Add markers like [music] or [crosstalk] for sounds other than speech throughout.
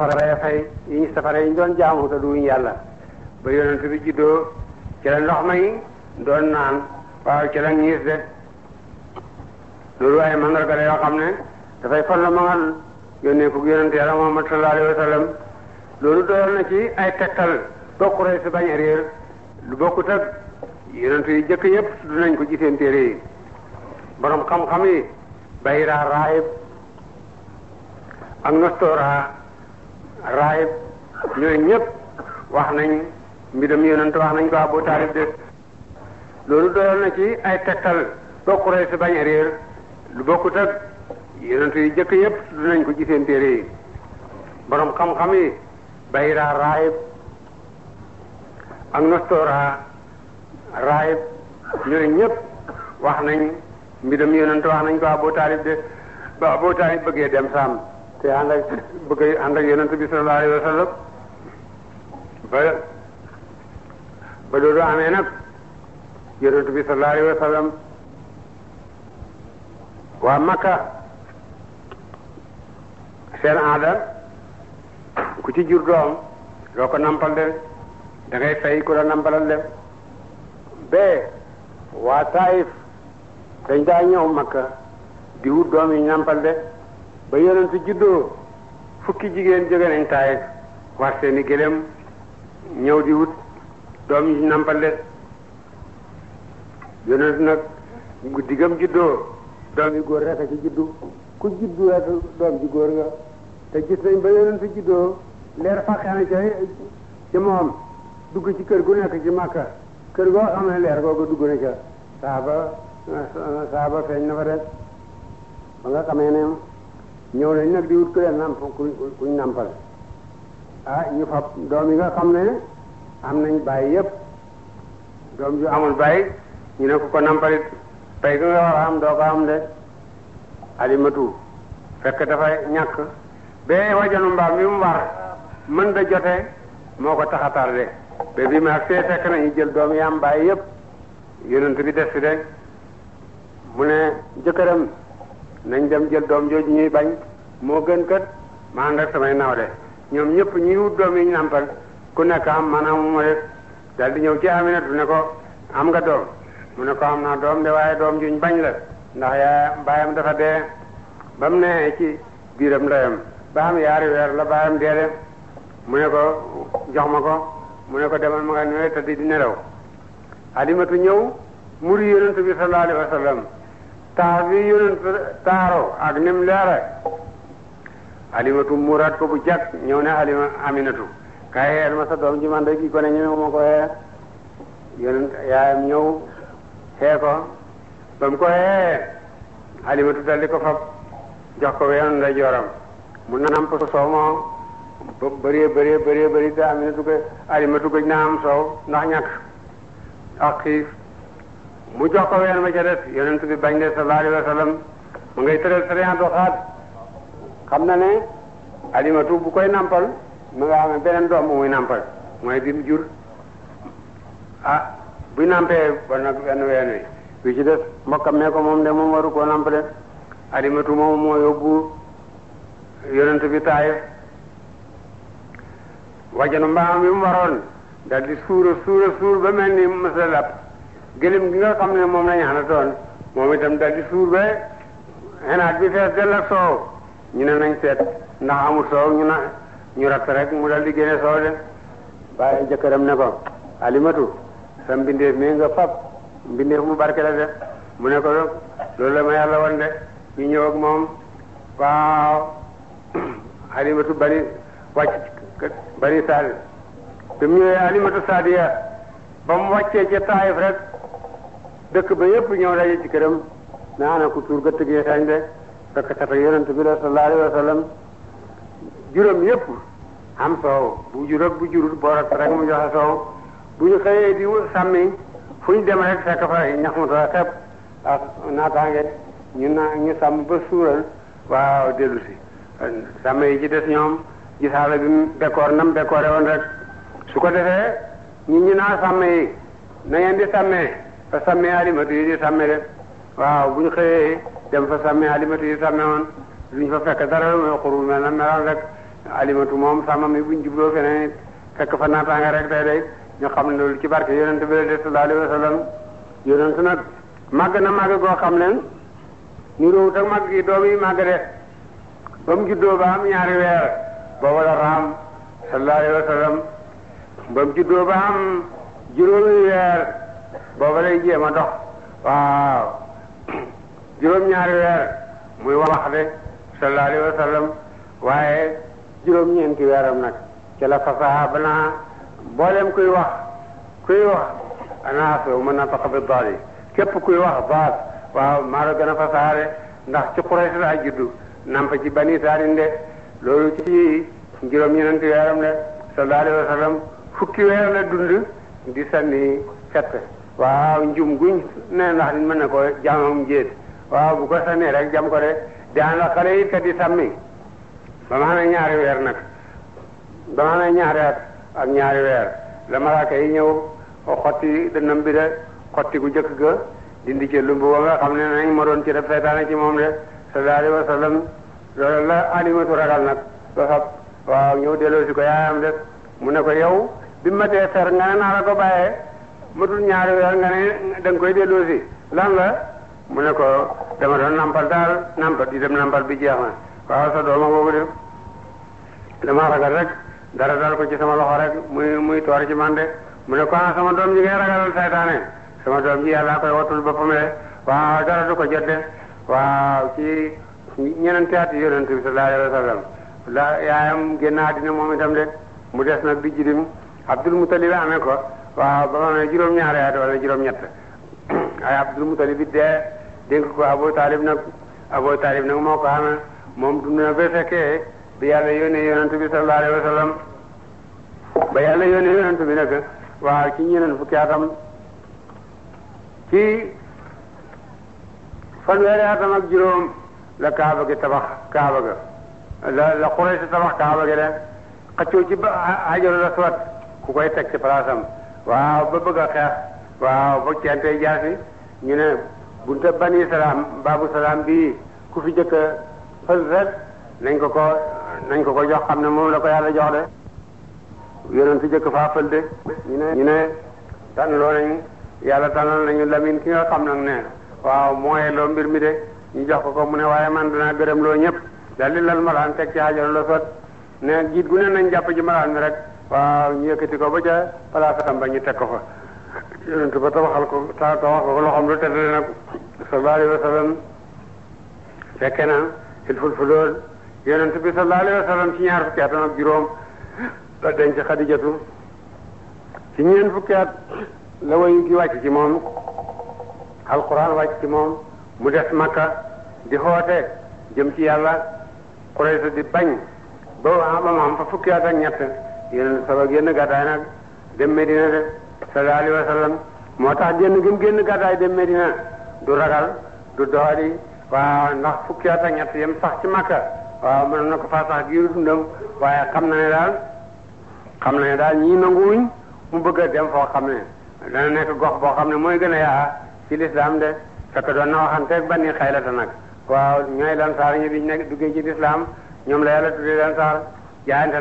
safara ya fay yi safara yi ñu doon jaamu te duñ yàlla ba yonent bi juddoo ci la ndox may doon naan waaw ci la ñiis de loolu ay mandarga la yoo xam ne dafay fan la magal yónnee ko yonent yàlla Muhammad sallallahu alayhi wa sallam loolu doon na ci ay tegtal bokku rey si bañ a réer lu bokkut ak yonent yi jëkk yëpp du nañ ko ci seen téere yi borom xam-xam yi bayra raayib ak nastoora raayib ñooy ñëpp wax nañ mbiram yonent wax nañ ko boo Taalib de loolu doyoon na ci ay tegtal ba Quraysh bañ a réer lu bokkut ak yonent yu jëkk yëpp du nañ ko ci seen téere yi borom xam-xam yi Bayra raayib ak Nostora raayib ñooy ñëpp wax nañ mbiram yonent wax nañ ko boo Taalib de ba Abu Taalib bëggee dem saam te ànd ak bëgg ànd bi sallallahu wa sallam ba ba loolu amee nag yonent bi sallallahu wa sallam waa Makka seen aada ku ci jur doom loo ko nampal de da ngay ku la nampalal de bee waa Taif dañ daa ñëw Makka di doom yi nampal de ba yonent juddoo fukki jigéen jóge nañ taayif war seeni gëlëm ñëw di wut doom yi nampal de yonent nag guddi gam juddoo doom yi góor rek a ci juddu ku juddu rek doom ji góor ga te gis nañ ba yonent juddoo leer fàqeena ca ci moom dugg ci kër gu nekk ci Makka kër goo xam ne leer googu dugg na ca saaba saaba feeñ na fa rek ba nga xamee ne ñëw nañ nag di wut ku leen nàmp kuñ kuñ nàmpal ah ñu fab doom yi nga xam ne am nañ bàyyi yëpp doom yu amul bàyyi ñu ne ku ko nàmpalit pay ga nga war a am doo ko am de alimatu fekk dafa ñàkk bee wajanu mbaam bi mu war mën da jotee moo ko tax a tardé ba bi ma ak see fekk nañu jël doom yi am bàyyi yépp yonent bi des fi de mu ne jëkkëram nañ dem jël doom jooju ñuy bañ moo gën kat ma ànd ak ñoom ñëpp ñuy wut doom yi ñu nampal ku nekk am di ñëw ci ne ko am nga doom mu ne de waaye doom juñ bañ la ndax yaa baayam dafa dee ba mu nee ci biiram ndeyam ba am yaari weer la baayam dee de mu ne ko jox ma ko mu ne ko demal ma nga newee tëdd di nelaw Alimatu ñëw muri yonent bi sallallahu alayhi wa sallam taar bi yonent taaroo ak nim leere alimatu muraat ko bu jàkk ñëw ne alima aminatu kaay doom ji man de kii ko ne ñeme ma ko yaayam ñëw xee ko ba mu ko xee alimatu daldi ko fab jox ko weenu ndeyjooram mu namp soow moom ba bëree bëree bëree bëri te aminatu ko alimatu soow ndax ñàkk ak mu jox ko weer ma ca des yonent bi bañ de sallallahu alayhi mu ngay tëral sariya doxaat xam na ne alimatu bu koy nampal mu nga xam ne beneen doom bu muy nampal mooy bi mu jur ah bu nampee ba nag benn weer wi bi ci des mbokkam mee ko moom de moom waru koo nampale alimatu moom moo yóbbu yonent bi taayif wajanu mbaam bi mu waroon dal di suura suura suur ba mel ni mësa lapp gëlëm gi nga xam ne moom la ñu àndatoon moom itam daal di suur ba xenaat bi fees dell ak soow ñu ne nañ seet ndax amul soow ñu na ñu ratt rek mu dal di génne soow de waaye jëkkëram ne ko alimatu sa mbindeef mi nga fab mbindeef mu barke la de mu ne ko loolu la ma yàlla wan de ñu ñëw ak moom waaw [clears throat] alimatu bari wàcc bari saal bi mu ñëwee alimatu saadiya ba mu wàccee ca taayif rek dëkk ba yëpp ñëw daje ci këram naana ku tuur gëtt gi xeeñ de dëkk tata yonent bi la sallallahu alayhi wa juróom yëpp am soow bu juróom bu jurul boorat rek mu joxe soow bu ñu xëyee di sàmmi fu ñu dem rek fekk fa ñax mu tooy xepp ak naataange ñu na ñu sàmm ba suural waa dellu si sàmm yi ci des ñoom gisaala bi mu décor nam décoré woon rek su ko defee ñun ñu naa sàmm yi ngeen di sàmmee fa sàmme alimatu yi di sàmme de waaw bu ñu xëyee dem fa sàmme alimatu yi sàmme woon duñ fa fekk dara mooy xurul mel na meloon rek alimatu moom sàmm mi buñ jubloo feneen fekk fa naataanga rek day day ñu xam ne loolu ci barke yonent bi de sallallahu alayhi wa yonent nag màgg na màgg goo xam ne ñu róowu tak màgg doom yi màgg de ba juddoo ba am ñaari weer booba la raam sallallahu alayhi wa sallam juddoo ba am juróomi weer booba lay jéem a dox waaw [clears throat] juróom-ñaari weer muy wax de sallallahu alayhi wa waaye juróom-ñeenti weeram nag ci la fasaa ba naa boolem kuy wax kuy wax anaasu mën na tax bi daal képp kuy wax baas waaw maa la gën a fasaa de ndax ci Quraysh laa juddu namp ci bani saalin de loolu ci juróom-ñeenti weeram de sallallahu alayhi wa fukki weer la dund di sànni fett waaw njum guñ ne ndax nit mën na ko jàmmam jéet waaw bu ko sànnee rek jam ko de daan la xale yi di sàmmi ba ma xamee ñaari weer nag ba ma xamee ñaari ak ñaari weer dama malaaka yi ñëw xotti dënnam bi de xotti gu njëkk ga dindi ci lumb ba nga xam ne nañ ma doon ci def seytaane ci moom de sallallahu alayhi wa loolu la alimatu ragal nag ba fab waaw ñëw delloo ko yaayam de mu ne ko yow bi ma dee fer nga ne naa la ko bàyyee matul ñaari weer nga ne da koy delloo si lan la mu ne ko dama doon nampal daal nampal di dem nampal bi jeex na waaw sa dooma boobu de dama ragal rek dara dal ko ci sama loxo rek muy muy toor ci man de mu ne ko ah sama doom ji ngay ragalal saytaane sama doom ji yàlla koy wattul boppam de waaw dara du ko jot de waaw ci ñeneen at yonent bi sallallahu alayhi wa sallam la yaayam génn àddina de mu des nag amee ko waaw ba ma amee juróom-ñaari at wala juróom-ñett [coughs] ay Abdul Mutalib it dee dénk ko Abu Talib nag Abu Talib nag moo ko xamee moom dund na ba fekkee bi yàlla yónnee yonent bi sallallahu alayhi wa sallam ba yàlla yónnee yonent bi nag waaw ci ñeneen fukki atam ci fanweeri atam ak juróom la Kaaba gi tabax Kaaba ga la la Quraysh tabax Kaaba gi de xëccoo ci ba Hajarul Aswad ku koy teg ci palaasam. waaw ba bëgg a xeex waaw ba ceentee jaasi ñu ne bunta bani salaam baabu salaam bi ku fi jëkk fës rek nañ ko ko nañ ko ko jox xam ne moom la ko yàlla jox de yonent jëkk faa fël de ñu ne ñu ne tànn loo nañ yàlla tànnal nañu lamin ki nga xam nag ne waaw mooy loo mbir mi de ñu jox ko ko mu ne waaye man danaa gërëm loo ñëpp daldi lal malaan teg ci xajaru la sot ne jiit gu ne nañ jàpp ji malaan mi rek waaw ñu yëkkati ko ba ca place xam ba ñu teg ko fa yonent ba tabaxal ko ta lu tedd nag sallallahu alayhi wa sallam fekke na il ful fulool bi sallallahu alayhi ci ñaar fukki atam juróom la denc xadijatu ci ñeen fukki la wayu gi wàcc ci moom alquran wàcc ci moom mu des makka di xoote jëm ci yàlla Quraysh di bañ ba am am fa fukki at ak yonent saba génn gàddaay nag dem Medina de sallallahu alayhi wa moo tax génn gi génn gàddaay dem Medina du ragal du doxali waaw ndax fukki at ak ñett yem sax ci Makka waaw mën na ko faa sax giiru dundam waaye xam na ne daal xam na ne daal ñii nanguwuñ mu bëgg a dem foo xam ne dana nekk gox boo xam ne mooy gën a yaa ci lislaam de fekk doon na waxanteeg banni xaylata nag waaw ñooy lansaar ñu biñ nekk duggee ci lislaam ñoom la yàlla tuddee lansaar jaayante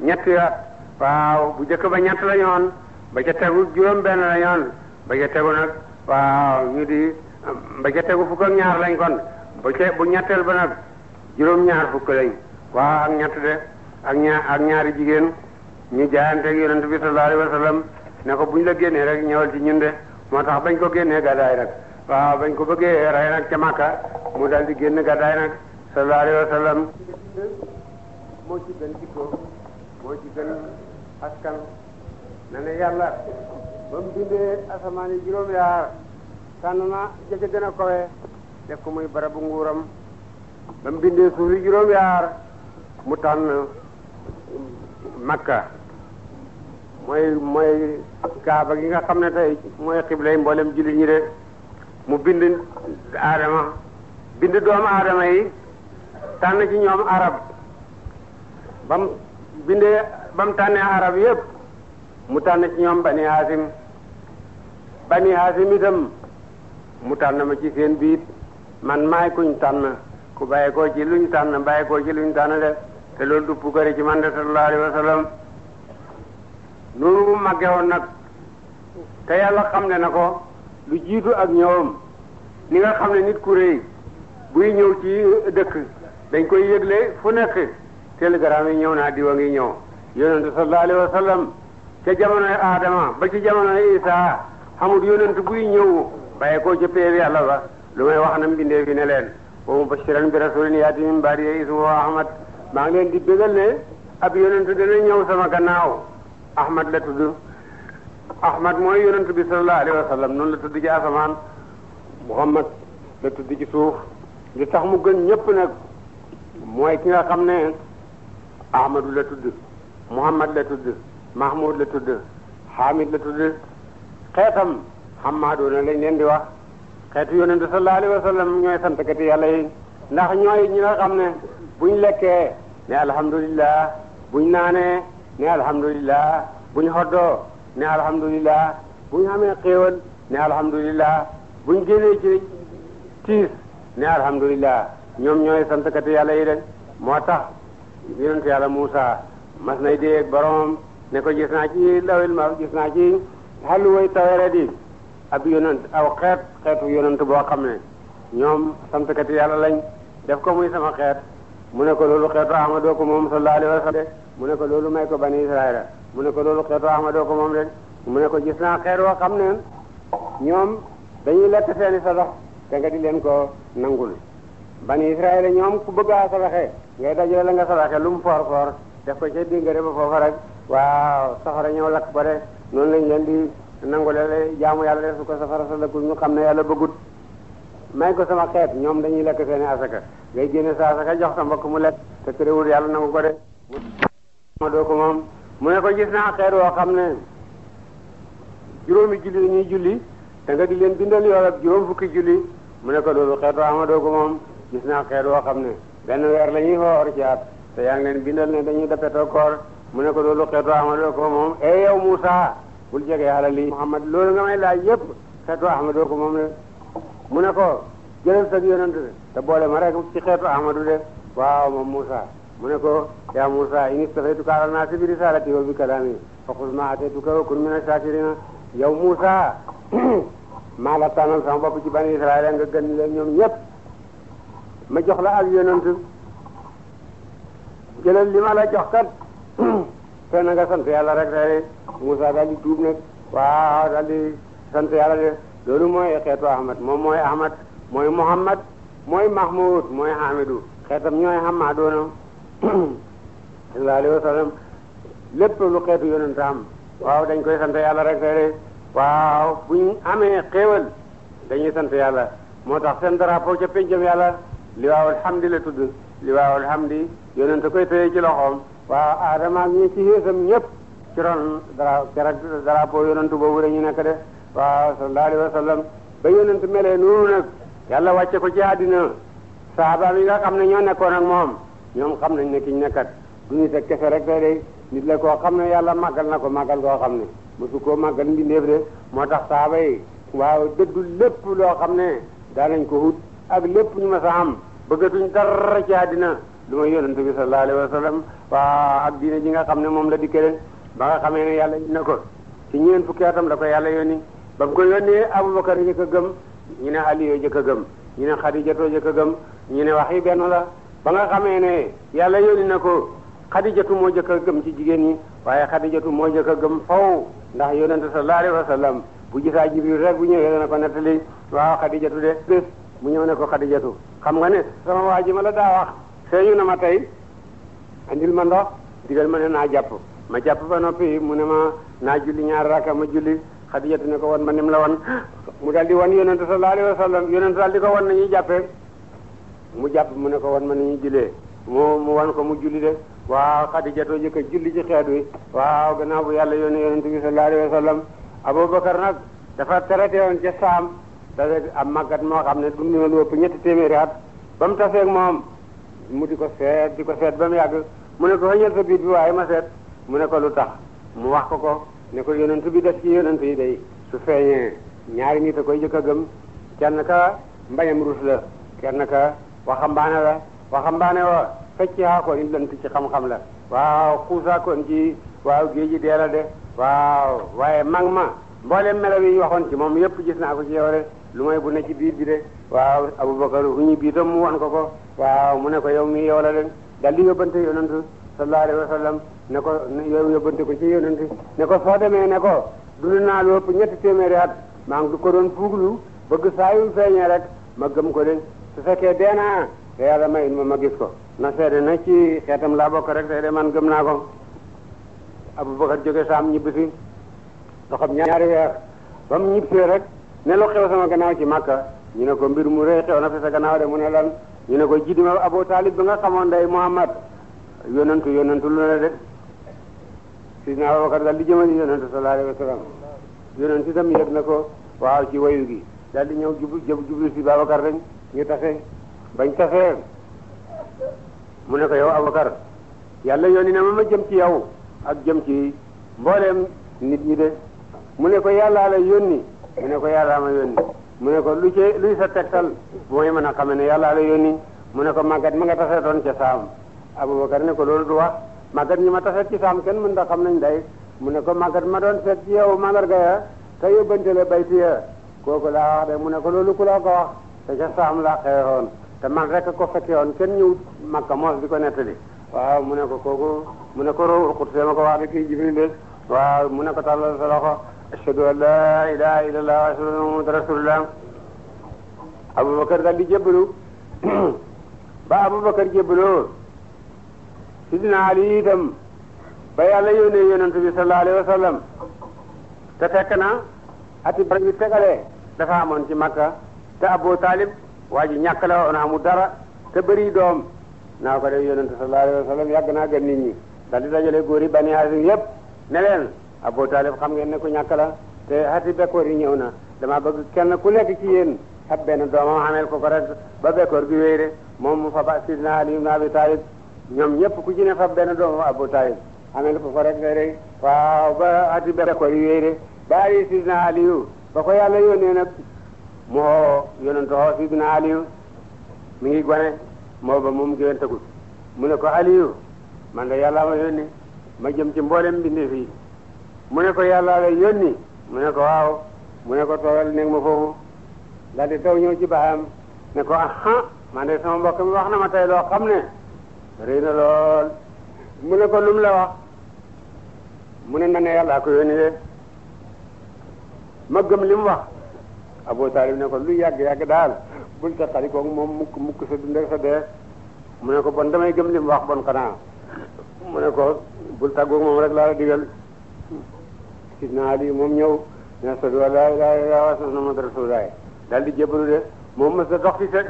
ñetti at waaw bu jëkk ba ñett la ñoon ba ca juróom benn la ñoon ba ca tegu nag waaw ñu di ba ca fukk ak ñaar lañ kon bu ñetteel ba nag juróom ñaar fukk lañ waaw ak ñett de ak ñaari jigéen ñu jaayante ak yonent bi sallallahu alayhi wa sallam ne ko buñ la génnee rek ñëwal ci ñun de moo tax bañ ko génnee gàddaay nag waaw bañ ko bëggee rey nag ca Makka mu dal di génn gàddaay nag sallallahu alayhi moo ci gën askan na ne yàlla ba mu bindee asamaan yi juróom yaar tànn na jëcc a kowe def ko muy barabu nguuram ba mu bindee suuf yi juróom yaar mu tànn makka mooy mooy kaaba gi nga xam ne tey mooy xiblay mboolem jullit ñi de mu bind aadama bind doomu aadama yi tànn ci ñoom arab bam bindee ba mu tànnee arab yépp mu tànn ci ñoom bani haasim bani haasim itam mu tànn ma ci seen biit man maay kuñ tànn ku bàyyeekoo ci luñ tànn bàyyeekoo ci luñ tànn de te lool du pukkare ci man de sallallahu alayhi wa sallam woon nag te yàlla xam ne na ko lu jiitu ak ñëwam ni nga xam ne nit ku réy buy ñëw ci dëkk dañ koy yëgle fu nekk télégramme yi ñëw naa diwa ngi ñëw yonentu sallallahu alayhi wa sallam ca jamonoy aadama ba ci jamonoy isaa xamul yonent buy ñëw bàyyi koo ca péeb yàlla ba lu may wax na mbindee fi ne leen wa mubashiran bi rasulin yaati min ba'di ismuhu ahmad maa ngi leen di bégal ne ab yonent dana ñëw sama gannaaw ahmad la tudd ahmad mooy yonent bi sallallahu alayhi wa sallam noonu la tudd ci asamaan muhammad la tudd ci suuf li tax mu gën ñëpp nag mooy ki Ahmadu la tudd Muhammad la tudd Mahmoud la tudd Hamid la tudd xeetam Hamaduna lañ leen di wax xeetu yonent bi sallallahu alayhi wa sallam ñooy santkati yàlla ndax ñooy ñi nga xam ne buñ lekkee ne alhamdulillah buñ naanee ne alhamdulillah buñ xoddoo ne alhamdulillah buñ amee xéewal ne alhamdulillah buñ génnee ci tiis ne alhamdulillah ñoom ñooy santkati yàlla yi yonent yàlla Muusa mas nay dee ak ne ko gis naa ci lawil ma gis naa ci xàlluway tawere di ab yonent aw xeet xeetu yonent boo xam ne ñoom santkati yàlla lañ def ko muy sama xeet mu ne ko loolu xeetu Ahmadoo ko moom sallallahu alayhi wa sallam mu ne ko loolu may ko bani Israila mu ne ko loolu xeetu Ahmadoo ko moom rek mu ne ko gis naa xeet woo xam ne ñoom dañuy lekk seeni sadax te nga di leen ko nangul bani israel ñoom ku bëgg a saraxe ngay dajale la nga saraxe lu mu foor foor def ko ca dingare ba foofa rek waaw safara ñëw lakk ko de noonu lañ leen di nangulele jaamu yàlla su ko safara sa lakkul ñu xam ne yàlla bëggut may ko sama ñoom dañuy lekk seeni asaka ngay génne sa asaka jox sa mbokk mu lekk te terewul yàlla nangu ko de ma doo ko moom mu ne ko gis naa xeet woo xam ne juróomi julli dañuy julli te nga di leen bindal yool ak juróom fukki julli mu ne ko loolu xeet waa ma doo ko moom gis naa xeet woo xam ne benn weer la ñuy woor ci at te yaa ngi leen bindal ne dañuy dapetoo koor mu ne ko loolu xeetu ahmadoo ko moom e yow Moussa bul jege yàlla lii Muhammad loolu nga may laaj yépp xeetu ahmadoo ko moom ne mu ne ko jëlal sag yonent te boole ma rek ci xeetu ahmadu de waaw moom Moussa mu ne ko yaa Moussa ini stafaytuka ala naasi bi risalati wa bi kalaami fa xus ma ataytuka wa kun a shakirina yow Moussa [clears throat] maa la tànnal sama bopp ci bani Israël nga gën leen ñoom ñépp ma jox la ak yonent jëlal li ma jox kat te [clears throat] na nga sant yàlla rek rek Moussa daal di tuub nag waaw daal di sant yàlla de loolu mooy xeetu Ahmad moom mooy Ahmad mooy Muhammad mooy Mahmoud mooy Hamidou xeetam ñooy Hamadoona [clears throat] sallallahu alayhi wa sallam lu xeetu yonent waaw dañ koy sant yàlla rek rek waaw bu ñu amee xéewal dañuy sant yàlla moo tax seen drapeau ca pénjam yàlla li liwaawul hamdi la tudd liwaawul hamdi yonent koy téye ci loxoom waaw aadama ak ñi ci xéesam ñëpp ci ron dara keroog drapeau yonent boobu dañu nekk de waaw sallallahu alayhi wa sallam ba yonent melee noonu nag yàlla wàcce ko ci àddina sahabaam yi nga xam ñoo nekkoon ak moom ñoom xam nañ ne kiñ nekkat du nit ak kese rek day nit la koo xam na yàlla màggal na ko màggal koo xam ne mosu koo màggal mbindeef de moo tax saaba yi waaw dëddu lépp loo xam ne nañ ko wut ak lépp ñu ma sa am bëggatuñ dara ci àddina lu ma yonent bi sallallahu alayhi wa waa ak diine ji nga xam ne moom la dikke leen ba nga xamee ne yàlla na ko ci ñeen fukki atam la ko yàlla yónni ba mu ko yónnee Abubakar jëkk a gëm ñu ne Aliyo jëkk gëm ñu ne Xadijatoo jëkk gëm ñu ne wax yi benn la ba nga xamee ne yàlla yónni na ko Xadijatu moo jëkk gëm ci jigéen ñi waaye Xadijatu moo jëkk gëm faw ndax yonent sallallahu alayhi wa sallam bu gisaa Jibril rek bu ñëwee dana ko nettali waaw Xadijatu mu ñëw ne ko xadijatu xam nga ne sama waa ji ma la daa wax feeñu na ma tey andil ma ndox digal ma ne naa jàpp ma jàpp ba noppi mu ne ma naa julli ñaar a ma julli xadijatu ne ko wan ma nim la wan mu daal di wan yonent sallallahu alayhi wa sallam yonent daal di ko wan nañuy jàppee mu jàpp mu ne ko wan ma ni ñuy jullee mu mu wan ko mu julli de waaw xadijatu jëkk a julli ci xeet wi waaw gannaaw bu yàlla yónnee yonent bi sallallahu alayhi wa nag dafa traité dajeeg am màggat moo xam ne dund na lu ëpp ñetti téeméeri at ba mu taseeg moom mu di ko seet di ko seet ba mu yàgg mu ne ko xëñal sa biit bi waaye ma seet mu ne ko lu tax mu wax ko ko ne ko yonent bi def ci yonent yi day su feeñee ñaari nit koy jëkk a gëm kenn ka mbañam rus la kenn ka waxambaane la waxambaane wa fecc haa ko ni lënt ci xam-xam la waaw xuusaa kon ci waaw géej gi dee la de waaw waaye mag ma mboolem melaw yi waxoon ci moom yëpp gis naa ko lu may bu ne ci biir bi de waaw Abubakar huñu biitam mu wan ko ko waaw mu ne ko yow mi yow la de dal di yóbbante yonent sallallahu alayhi ne ko yow yóbbante ko ci yonent ne ko soo demee ne ko dund naa lu ëpp ñetti téeméeri at maa ngi ko doon fuuglu bëgg saa yu rek ma gëm ko de su fekkee dee naa te yàlla may ma ma gis ko na seede na ci xeetam laa bokk rek tey de man gëm naa ko Abubakar jóge saam ñibbisi doxam ñaari weer ba mu ñibbisee ne lu sama ganaar ci Makka ñu ne ko mbir mu rëy xew na fi sa de mu ne lan ñu ne ko jiddima Abu Talib bi nga xamoon day Muhammad yonantu yonantu lu na de sidna Abubakar daal di jëmali yonantu sallallahu alayhi wa sallam yonantu itam yëg na ko waaw ci wayu gi di ñëw jublu jublu si Babacar dañ ñu tase bañ tasee mu ne ko yow Abubakar yàlla yónni na ma ma jëm ci yow ak jëm ci mbooleem nit ñi de mu ne ko yàllaa la yónni mu ne ko yàllaa ma yónni mu ne ko lu ci luy sa tegtal mooy mën a xame ne yàllaa la yónni mu ne ko màggat ma nga taseetoon ca saam Abubakar ne ko loolu du wax màggat ñi ma taseet ci saam kenn mën da xam nañ day mu ne ko màggat ma doon seet ci yow mandarga ya te yóbbante la bayti ya kooku mu ne ko loolu ku la ko wax te ca saam laa xewoon te man rek ko fekkee woon kenn ñëw Makka moos di ko nettali waaw mu ne ko kooku mu ne ko roowul xut ma ko wax de kii Jibril waaw mu ne ko tàllal sa loxo ashhadu an laa ilaha illa allah wa ashhadu rasulullah abubakar daal di ba abubakar jébbaloo sidina ali ba yàlla yónnee yonent bi sallallahu alayhi wa sallam te fekk ati barab yi tegalee dafa amoon ci makka te abu taalib waa ji ñàkk la woon amul dara te bëri doom naa ko def yonent sallallahu alayhi wa sallam yàgg naa gën nit ñi daal di dajale góor yi bani haasim Abu Talib xam ngeen ne ku ñàkk la te xati bekkoor yi ñëw na dama bëgg kenn ku nekk ci yéen xab benn doomam xameel ko ko rek ba bekkoor gi moom mu fab sidna Ali naa Abi Talib ñoom ñëpp ku ci ne fab benn doomam Abu Talib xameel ko ko rek rek waaw ba xati bekkoor yi ba Ali sidna Aliyu ba ko yàlla yónnee nag mu xoo yonentu xoo sidna Aliyu mi ngi gone moo ba moom géwéntagul mu ne ko Aliyu man de yàlla ma yónni ma jëm ci mboolem mbindeef yi mu ko yàllaa la yónni mu ne ko waaw mu ne ko toogal nekk ma foofu daal di daw ñëw ci baayam ne ko aha man de sama mbokk na ma tey loo xam ne rëy na lool mu ne ko lum la wax mu ne na ne yàllaa ko yónni de ma gëm li mu wax Abu Taalib ne ko lu yàgg-yàgg daal bul ta xali koog moom mukk mukk sa dund ak sa dee mu ne ko bon damay gëm li mu wax bon xanaa mu ne ko bul tàggoog moom rek laa la sidna ali moom ñëw ne ashhadu an laa ilaaha illallaah wa daal di jébbalu de moom mës a dox ci seen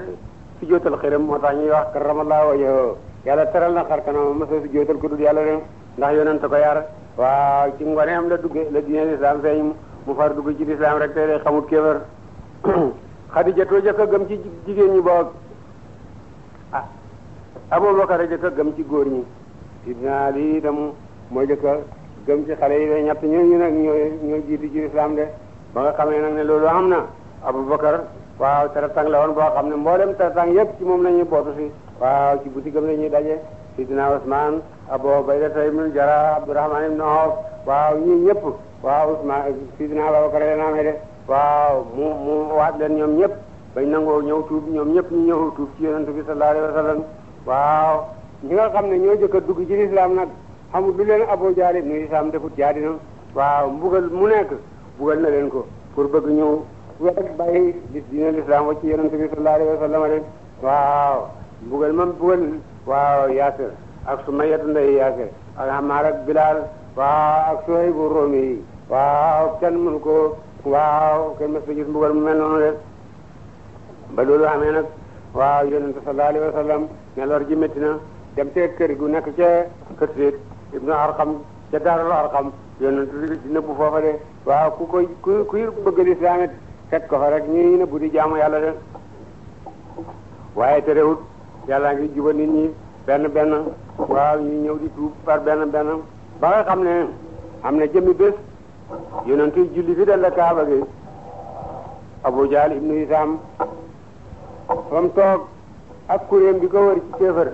si jootal xëram moo tax ñuy wax karamallaahu wajhahu yàlla teral na xar kanam mës a si jootal ko dul yàlla de ndax yonent ko yar waa ci ngoneem la dugge la diine lislaam mu far dugg ci lislaam rek tey day xamul kéefër [coughs] xadijatoo jëkk a gëm ci jigéen ñi boog ah abubakar a jëkk a ci góor ñi sidna ali itam moo jëkk gëm ci xale yi de ñett ñooñu nag ñooy ñoo jiitu ci islam de ba nga xamee nag ne loolu am na Aboubacar waaw teratang la woon boo xam ne mboolem teratang yëpp ci moom la ñuy bootu si waaw ci buti gëm la ñuy daje sidina Ousmane Abu Baydata ibnu Jara Abdourahman ibnu Awf waaw ñii ñëpp waaw Ousmane sidina Aboubacar leen amee de waaw mu mu waat leen ñoom ñëpp bañ nangoo ñëw tuub ñoom ñëpp ñu ñëw tuub ci yonent bi sallallahu alayhi wa sallam waaw ñi nga xam ne ñoo jëkk a dugg ci lislaam nag xamul lu leen Abu Jahl ibn Hishaam defut waaw mbugal mu nekk mbugal na leen ko pour bëgg ñëw wet bàyyi di diine lislaam wa bi sallallahu alayhi wa sallam de waaw mbugal mam mbugal waaw Yaasir ak Sumayyatu ndey Yaasir ak Hammaar ak Bilaal waaw ak Suhayb Roomi yi waaw kenn mënu ko waaw kenn mës a gis mbugal mu mel noonu de ba loolu amee waaw yonent sallallahu alayhi wa sallam ji métti dem te kër gu nekk ca kër ibnu arqam ca daarul arqam yonent bi di nëbbu foofa de waaw ku koy ku kuy bëgg lislaam it fekk ko ñuy nëbbu di jaamu yàlla de waaye terewut yàlla ngi juba nit ñi benn benn waaw ñuy ñëw di tuub par benn benn ba nga xam ne am na jëmmi bés yonent yi julli fi dal kaaba gi Abu Jahl ibnu Hisam fa toog ak kuréem bi ko wër ci kéefër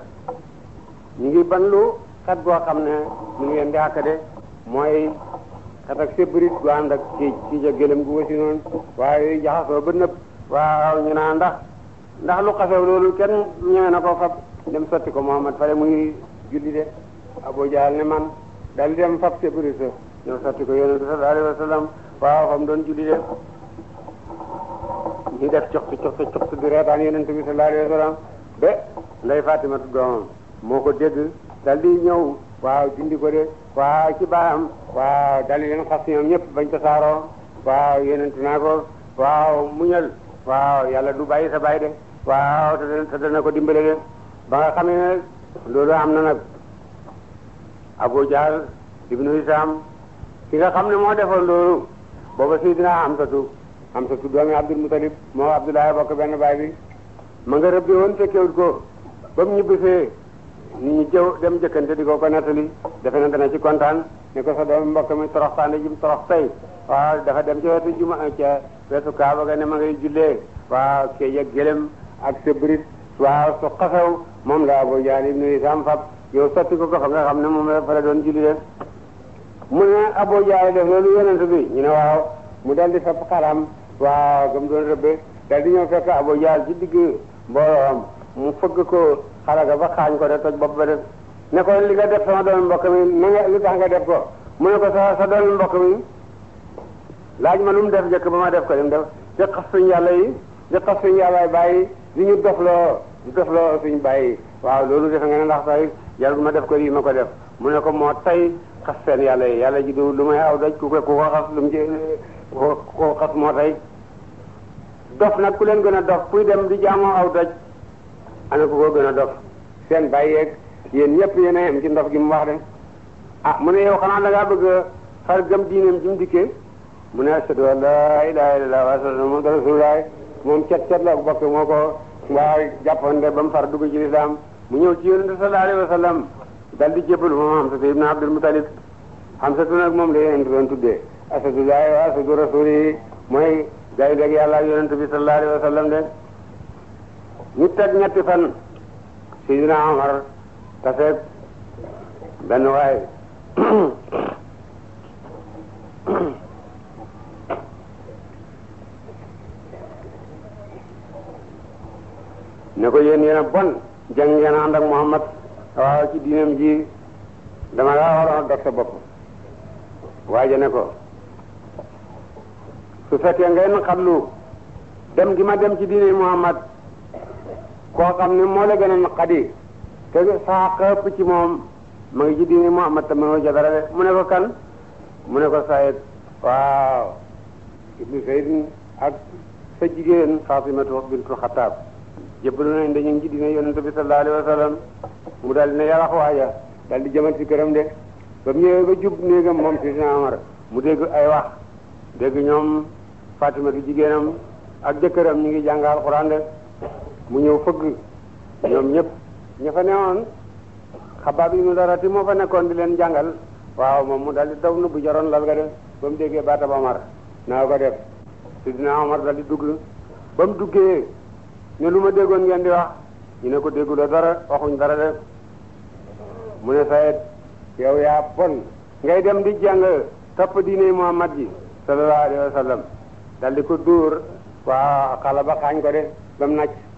ñu ngi banlu xet boo xam ne mu ngi leen di àkkade mooy xet ak sébrit gu ànd ak ciij ciij ak gëlëm gu wasi waaye yooyu jaxasoo ba nëpp waaw ñu naa ndax ndax lu xasoo loolu kenn ñëwee na ko fab dem sotti ko Muhammad fale muy julli de Abu Jahl ne man dal dem fab sébrit sa ñëw sotti ko yonent sallallahu alayhi wa sallam waaw fam doon julli de ñu def coxtu coxtu coxtu di reetaan yonent bi sallallahu alayhi wa sallam ba nday Fatimatu doomam moo ko dégg dal di ñëw waaw dindi ko de waaw ci baam waaw dal di leen xas ñoom ñëpp bañ tasaaroo waaw yenentu naa ko waaw muñal waaw yàlla du bàyyi sa bàyyi de waaw te dana ko dimbale de ba nga xamee ne loolu am na nag Abu Jahl ibnu Hisam ki nga xam ne moo defoon loolu booba Seydina Amsatu Amsatu doomi Abdul Mutalib moo Abdoulaye bokk benn baay bi ma nga rëbbi woon ko ba mu ñibbisee ni ñi jëw dem jëkkante di ko ko nettali defe na dana ci kontaan ne ko sa doom mbokk mi torox tànn jim torox tey waaw dem ci wetu juma ca wetu kaaba ga ne ma ngay jullee waa kee yëg gëlëm ak sa waa waaw su xasaw moom la Abu Jahl ibn Hisam fab yow sotti ko ko fa ne moom la fa doon julli de mu ne Abu Jahl def loolu yonent bi ñu ne waaw mu dal di fab xalam waa gëm doon rëbbe dal di ñëw fekk Abu Jahl ci digg mu fëgg ko xale ka ba xaañ ko de toj ba ne ko li nga def sama doon mbokk mi na nga li tax nga def ko mu ne ko sa sa doon mbokk mi laaj ma lu mu def njëkk ba ma def ko li mu def di xas suñu yàlla yi di xas suñ yàlla bàyyi di ñu dofloo di dofloo suñu bàyyi waaw loolu defe nga ne ndax sax yàlla bu ma def ko lii ma ko def mu ne ko moo tey xas seen yàlla yi yàlla ji du lu may aw ku ko ku xas lu mu ci ku ko xas moo tey dof nag ku leen gën a dof kuy dem di jaamoo aw daj ana ku ko gën a dof seen bàyyi yeeg yéen ñëpp yéen a yem ci ndof gi mu wax de ah mu ne yow xanaa da bëgg a xar gëm diineem ji mu dikkee mu a ashhadu an laa ilaaha illallaah wa ashhadu anna moom cet cet la bu moo ko waaye jàppoon de ba mu far dugg ci lislaam mu ñëw ci yonente sallallahu alayhi wa sallam dal di jébbalu moom Hamsatu ibn Abdul Muttalib Hamsatu nag moom la yonente doon tuddee asadullaahi wa asadu rasuuli wa ñu teg ñetti fan Sidina Omar tafeeg benn waay ne ko yéen yéen a bon jàng ngeen ànd ak Muhammad waaw ci diinam ji dama laa war a bopp waaye ne ko su fekkee ngay na xallu dem gi ma dem ci diine Muhammad koo xam ne moo la gën a naqadi te saa moom ma ngi ci diine Muhammad tamit woo de mu ne ko kan mu ne ko Saïd waaw ibnu Saïd ak sa jigéen Fatimatu bintu Xattaab jébbalu nañ dañu ngi ci diine yonent bi sallallahu alayhi wa mu daal dina yàlla waaja daal di jëmal ci këram de ba mu ñëwee ba jub néegam moom si Seydina Omar mu dégg ay wax dégg ñoom Fatimatu jigéenam ak jëkkëram ñu ngi jàng alxuraan de mu ñëw fëgg ñoom ñëpp ña fa newoon xabaab ibnu darati moo fa nekkoon di leen jàngal waaw moom mu daldi daw nubbu jaroon lal ga def ba mu déggee baatab Omar naa ko def sidina Omar daldi dugg ba mu duggee ne lu ma déggoon ngeen di wax ñu ne ko dégguloo dara waxuñ dara de mu ne sayet yow yaa bon ngay dem di jàng topp diine Muhammad ji sallallahu alayhi daldi ko dóor waa xala xaañ ko de ba nàcc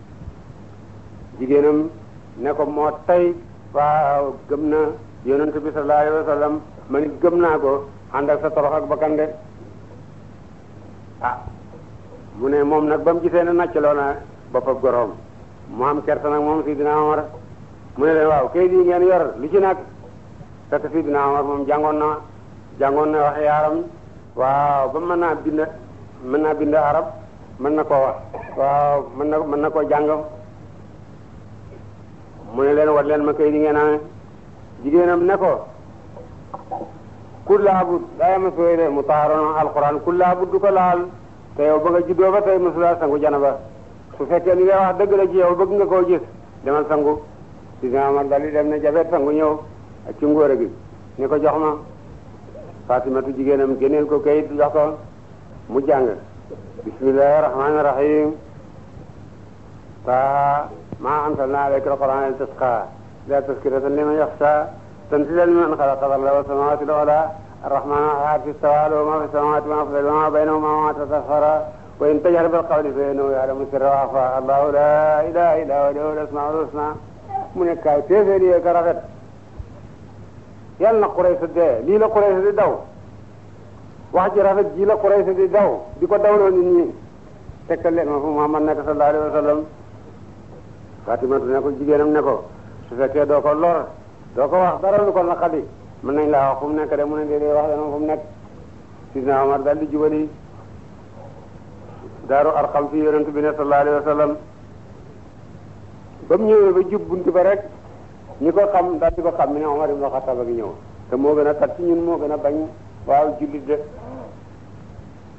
jigéenam ne ko moo tey waaw gëm na yonent bi sallallahu alayhi wa sallam ma gëm naa ko ànd ak sa torox ak bakkan de ah mu ne moom nag ba ji gisee ne naccaloo na boppam goroom mu am kersa nag moom Sidina Omar mu ne leen waaw kay lii ngeen yor lu ci nag fekk Sidina Omar moom jàngoon na jàngoon na wax yaaram waaw ba mën naa bind mën naa bind arab mën na koo wax waaw mën na mën na koo jàngam mu ne leen war ma kayit yi ngeen amee jigéenam ne ko kullaa bud daa ma sooy de mu taxaroon alquran kullaa bud du ko laal te yow ba nga juddoo ba tey mosulaa sangu janaba su fekkee ni nga wax dëgg la ci yow bëgg nga koo gis demal sangu si dama dal di dem ne jabet sangu ñëw ak ci gi ni ko jox ma Fatimatu jigéenam génneel ko kayit jox ko mu jàng bismillahi rahmaani طه ما أنزلنا عليك القرآن لتشقى لا تذكرة لمن يخشى تنزيلا لمن خلق الأرض والسماوات العلى الرحمن على العرش استوى له ما في السماوات وما في وما بينهما وما تسخر وإن تجهر بالقول فإنه يعلم السر وأخفى الله لا إله إلا هو له الأسماء الحسنى mu ne kaay téeféer yee ka rafet yal na Quraysh dee lii la Quraysh di daw wax ji rafet ji la Quraysh di daw di ko dawloo nit ñi tekkal leen ma fu Muhammad nekk sallallahu alayhi wa sallam Fatimatu ne ko jigéenam ne ko su fekkee doo ko lor doo ko wax dara lu ko naqari mën nañ laa wax fu mu nekk mu ne déedéet wax dana fu mu nekk sidna Omar daal di jubali daaru arxam fi yonent bi ne sallallahu alayhi wa ba mu ñëwee ba jub bunt ba rek ñi ko xam daal di ko xam mi ne Omar ibn Xattaab a ngi ñëw te moo gën a tat ci ñun moo gën a bañ waaw jullit de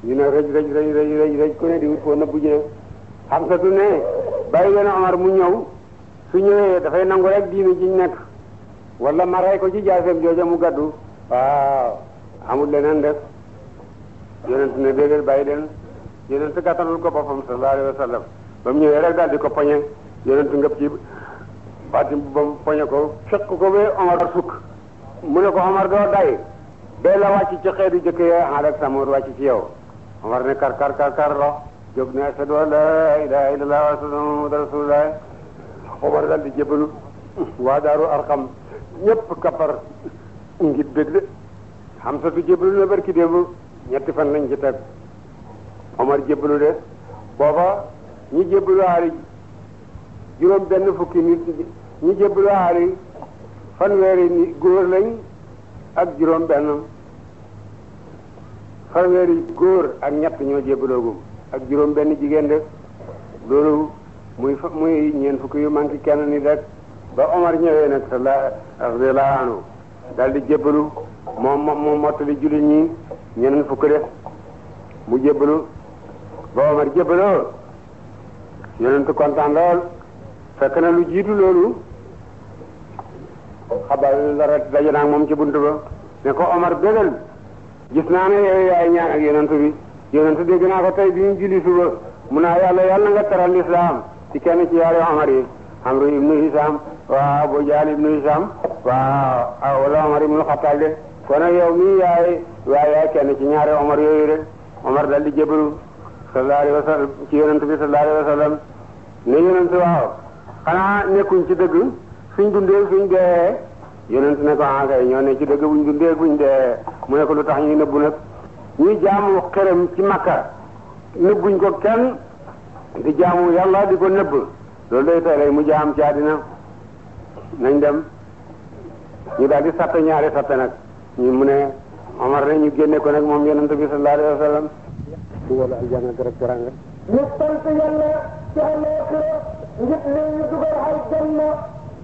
ñu ne rëj rëj rëj rëj rëj ne di wut koo nëbbu ji ne xam ne bàyyi leen Omar mu ñëw su ñëwee dafay nangu rek diini jiñ nekk wala ma rey ko ci jaaseem jooja mu gaddu waaw amul leneen def yonent ne déedéet bàyyi leen yonent gàttanul ko boppam sallallahu alayhi wa ba mu ñëwee rek daal di ko poñe yonent ngëp ci fatim ba mu poñe ko fekk ko ba Omar sukk mu ko Omar doo day dee la wàcc ci xeetu jëkk yee ak Samud wàcc ci yow Omar ne kar kar kar kar jóg ne ashadu an laa ilaaha illallah wa ashadu anna daal di jébbalu waa daaru arxam ñëpp kappar ngir bëgg de xam sa tu jébbalu na barki ñetti fan lañ ci teg Omar jébbalu de booba ñi jébbalu Ali juróom benn fukki nit ñi jébbalu Ali fanweeri ni góor lañ ak juróom benn fanweeri góor ak ñett ñoo jébbaloo ak juróom benn jigéen rek loolu muy fa muy ñeent fukki yu manqué kenn ni rek ba Omar ñëwee nag radiyallahu anhu daal di jébbalu moom moom mottali jullit ñi ñeneen fukk def mu jébbalu ba Omar jébbaloo yonentu kontaan lool fekk na lu jiitu loolu xabaar la daje naa moom ci bunt ba ne ko Omar bégal gis naa ne yow yaay ñaan ak yonentu bi yonent dégg naa ko tey bi ñu julli suba mu naa yàlla yàlla nga teral lislaam ci kenn ci yaari Omar yi Amru ibnu Hisam waaw Abu Jahl ibnu Hisam waaw wala Omar ibnu Xattaab de kon nag yow yaay waaye yaay kenn ci ñaari Omar yooyu de Omar dal di jébbalu wa sallam ci yonent bi sallallahu alayhi wa sallam ne yonent waaw xanaa nekkuñ ci dëgg suñ dundee suñ dee yonent ne ko ah kay ñoo ne ci dëgg buñ dundee buñ dee mu ne lu tax ñuy nëbbu nag. ñuy jaamu xërëm ci makka nëbbuñ ko kenn di jaamu yàlla di ko nëbb loolu day tere mu jaam ci àddina nañ dem ñu daal di sappe ñaari sappe nag ñu mu ne Omar ne ñu génne ko nag moom yonent bi sallallahu alayhi wa sallam dugal aljana garab garanga ñu sant yàlla ci alaxira ngir ñu dugal aljanna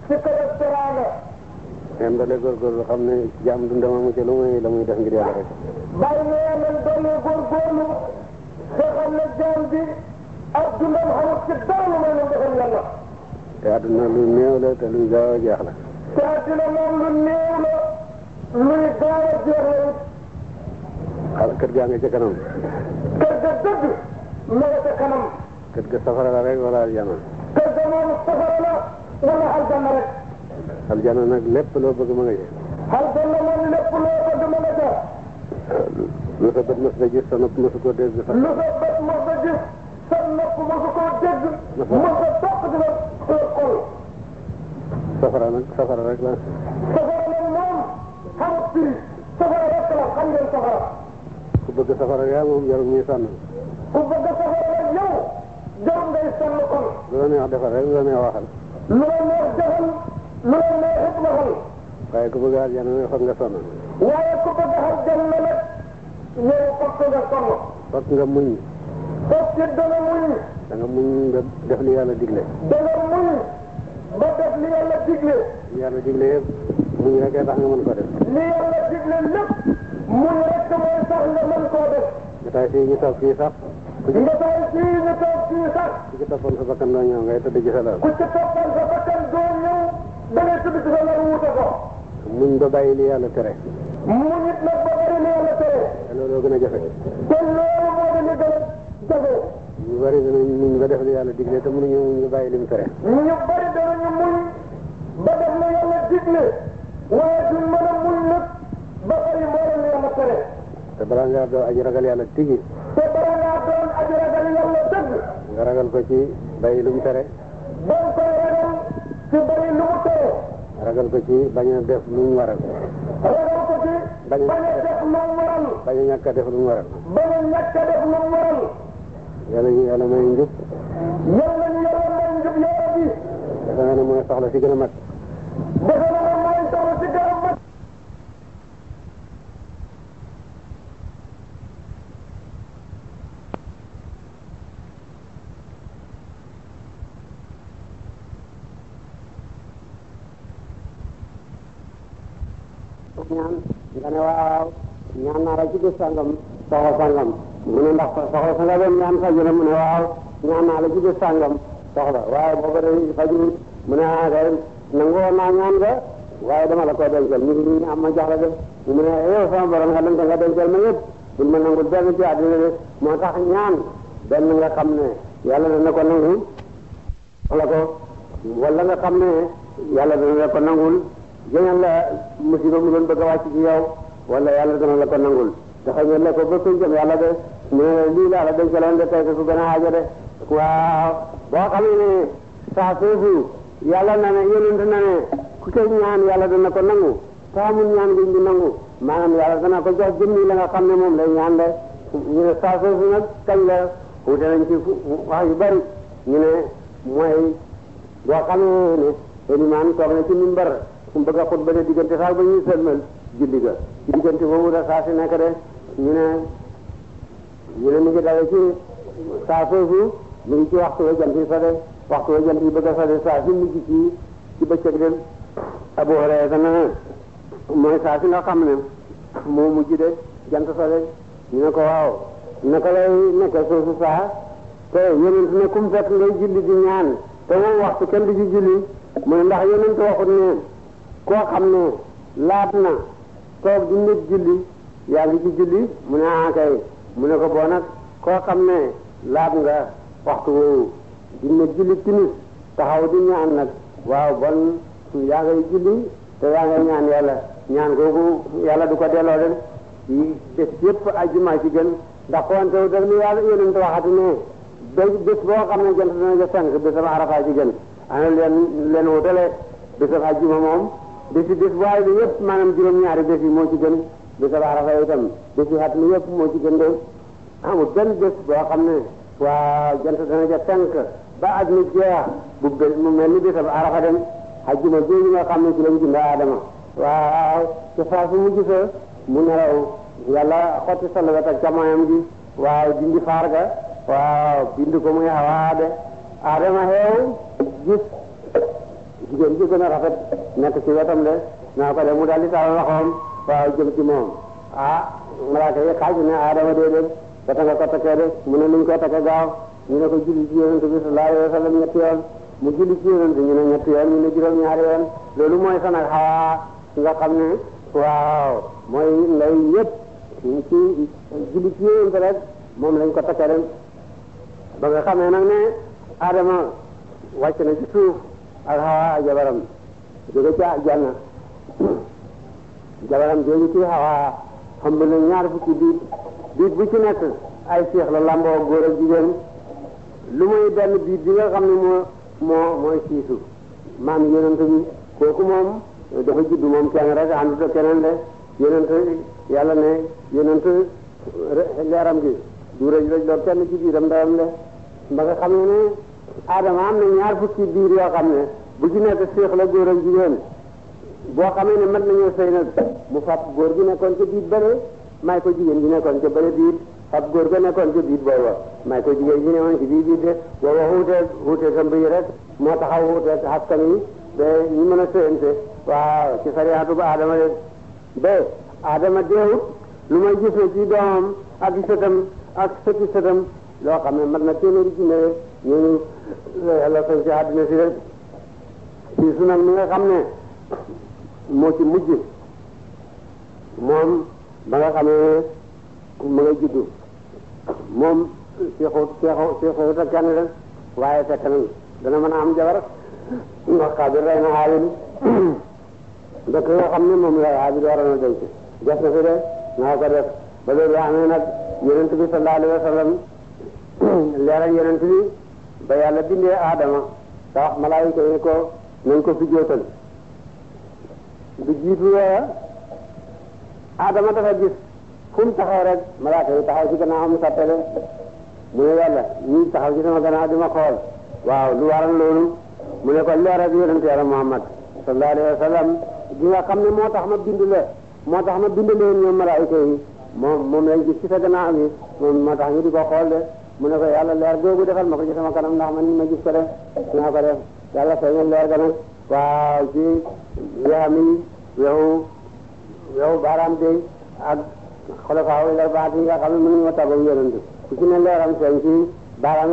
ci garab garanga même ba léegi góorgóorlu xam ne jaam dundam amu ci lu muy la muy def ngir yàlla rek. bàyyi na yàlla dolli góorgóorlu te xam ne jaam bi ak dundam xamul ci dara lu may leen defal yàlla. te àdduna lu néew la te luy gaaw a jeex la. te àdduna moom lu néew la luy gaaw a jeex la it. xaaral kër gaa nga ca kanam. kër ga dëgg ma nga ca kanam. kër ga safara la rek wala aljana. kër ga moom safara la wala aljana rek. aljana nag lépp loo bëgg ma nga jël. aljana moom lépp loo bëgg ma nga jël. lu sa bët mos nga gis sa nopp mosu koo dégg. lu sa bët mos nga gis sa nopp mosu koo dégg. mos nga topp di la xool. safara nag safara rek la. safara nag moom xamut fii safara rek la xam ngeen safara. ku bëgg safara yaa moom jarul ñuy sànn. ku bëgg safara rek yow jarul ngay sànn kon. lu la neex defal rek lu la neex waxal. lu la neex defal. lu leen may rek la xool. waaye ku bëgg a àjjana nag foog nga sonn. waaye ku bëgg a àjjana nag yow nga sonn. nga muñ. foog nga muñ. da muñ nga def li yàlla digle. muñ ba def li yàlla digle. li yàlla digle muñ rek tax nga mën ko def. li yàlla digle muñ rek mooy tax nga mën koo def. jotaay fii ñu toog fii sax. jotaay fii sax. ku ci toppoon sa bakkan doo ñëw ngay tëdd ci sa lal. da ngay tudd ci sa nar wuute ko. muñ ba bàyyi li yàlla tere. muñ it nag ba bàyyi yàlla tere. te looloo gën a jafe. te loolu gën a jafe. ñu bari danañ muñ ba def li yàlla digle te mënuñu muñ ba bàyyi li mu tere. ñu bari danañu muñ ba def li yàlla digle waaye duñ mën a muñ nag ba bàyyi mboolem li yàlla tere. te balaa ngaa doon aji ragal yàlla tigi. te balaa ngaa doon aji ragal yàlla dëgg. nga ragal ko ci bàyyi lu mu tere. ba nga koy ci bàyyi. ragal ko ci bañ a def lu mu waral. ragal ko ci. bañ a def lu mu waral. bañ a ñàkk a def lu mu waral. bañ a ñàkk a def lu mu waral. yàlla ñu yàlla may njub. yàlla ñu yàlla may njub yaa rabbi. defe naa ne mooy soxla si gën a mag. defe naa ne mooy soxla si gën a ñaan nga ne waaw ñaan naa la ci bés sangam soxla sangam ne ndax soxla sanga doon ñaan faju na mu ne waaw ñaan naa la ci bés sangam soxla waaye booba day faju mu ne ah kay nangoo naa ñaan nga waaye dama la ko dencal ñu ngi am ma jox la def mu ne yow sama borom nga dencal nga dencal ma yëpp bu ma nangul benn ci àddina de moo tax ñaan benn nga xam ne yàlla dana ko nangul soxla ko wala nga xam ne yàlla dana ko nangul jañal la musiba mu doon bëgg a ci yow wala yàlla dana la ko nangul daxañal la ko ba pëncam yàlla de mu ne lii laa la dencaloon de ko gën a aajo de waaw boo xamee ne saa soosu yàlla na ne na ku koy ñaan yàlla dana ko nangu te amul ñaan guñ di nangu maanaam yàlla dana ko jox jëmmi nga xam ne moom lay ñaan de ñu ne saa soosu nag kañ la wute nañ ci wax bari ñu mooy boo xamee ne élimaan toog na ci mimbar su mu bëgg a xutba de diggante sax ba ñuy sëlmal julli ga ci diggante saa si nekk de ñu ne ñu ne mi ngi dale ci saa soosu mi ngi ci waxtu wa jant yi waxtu wa jant yi bëgg a saa si mujj ci ci bëccëg de Abu Hurayra dana ne mooy saa si nga xam ne moo mujj de jant so de ne ko waaw naka lay nekk soosu saa te yonent ne kum fekk ngay julli di ñaan waxtu kenn du ci mu ne ndax yonent waxut neen koo xam ne laab na toog di nekk julli ci julli mu ne ah kay mu ne ko boo ko koo xam ne laab nga waxtu woowu di nekk julli timis taxaw di waaw bon yaa ngay julli te yaa ngay ñaan yàlla yàlla du ko delloo de yi bés yëpp ajjuma ci gën ndax konte daf ni yàlla ne bés boo xam ne jant dana ja fenk bésam arafa ci gën ana leen leen wutale bésam ajjuma moom bés yi bés waaye bi yëpp maanaam juróom-ñaari bés yi moo ci gën bés a baarafa itam bés yi at moo ci gën de amul benn bés boo xam ne waa jant dana ja tànk ba at mi jeex bu bés mu mel ni bésab arafa dem ajjuma jooju nga xam ne ci lañ junda adama waaw ci saa su mujj sa mu nelaw yàlla xotti salawat ak jamonoom ji waaw dindi faar ga waaw bind ko muy xawa de adama xeew gis jigéen ji gën rafet nekk ci wetam de naa ko de mu daal di taal loxoom ci moom ah malaaka yi xaaju ne aadama ah, dee de ba nga ko takkee de mu ne luñ ko takkee gaaw ñu ne ko julli ci yonent bi sallallahu alayhi wa sallam ñetti yoon mu julli ci yonent ñu ne ñetti yoon ñu ne juróom-ñaari yoon loolu mooy sanag xawaa nga xam ne ci julli lañ ko takkee de ba nga xamee ne aadama wàcc na ak xawaa jabaram jóge ca janna jabaram jóge ci xawaa xam na ñaar fukki biit biit bu ci nekk ay seex la lamboo góor ak jigéen lu muy benn biit bi nga xam ne moo moo mooy siisu maam yonent bi kooku moom dafa judd moom kenn rek àndut ak keneen de yonent yàlla ne yonent leeram gi du rëj rëj lool kenn ci biiram ndawam de ba nga xam ne Adama am na ñaar fukki biir yoo xam ne bu ci nekk séex la góor ak jigéen boo xamee ne mat nañoo sëy nag mu fab góor gi nekkoon ca biir bële may ko jigéen gi nekkoon ca bële biir fab góor ga nekkoon ca biir booba may ko jigéen gi nekkoon ci biir biir de booba xuutee xuutee sa mbir rek moo taxaw xuutee askan yi ba ñu mën a sëyante waaw ci sariyaatu ba Adama de ba Adama deewut lu may gis ne ci doomam ak sëtam ak sëti sëtam loo xam ne mat na téeméeri junne ñooñu la yàlla ci àdduna si rek Iisu nag mi nga ne moo ci mujj moom ba nga xam ne ma nga juddu moom seexut seexut seexut ak kenn rek waaye fekk nañ dana mën a am jabar ndax Xaabil rey na Haabil dëkk nga xam ne moom la Haabil waroon a denc def na fi de naa ba loolu amee nag yonent bi sallallahu alayhi wa sallam leeral yonent ba yàlla bindee aadama da wax malaayika yi ko nañ ko fi jóotal du jiitu loola aadama dafa gis fu mu taxaw rek malaaka yi taxaw ci gannaaw mu sàppale mu ne yàlla ñii taxaw ci sama gannaaw di ma xool waaw lu waral loolu mu ne ko leer ak yonente yàlla Muhammad sallallahu alayhi wa sallam gi nga xam ne moo tax ma bind la moo tax ma bind leen ñoom malaayika yi moom moom lañ gis ci sa gannaaw bi moom moo tax ñu di ko xool de mu ne ko yàlla leer googu defal ma ko ci sama kanam ndax gis ko def naa ko def yàlla feeñal leer ga nag waaw ci yaam yi yow yow baaraam day ak xolofaaw la baat yi nga xam ne mënuñu ma tàggoog yonent ku ci ne leeram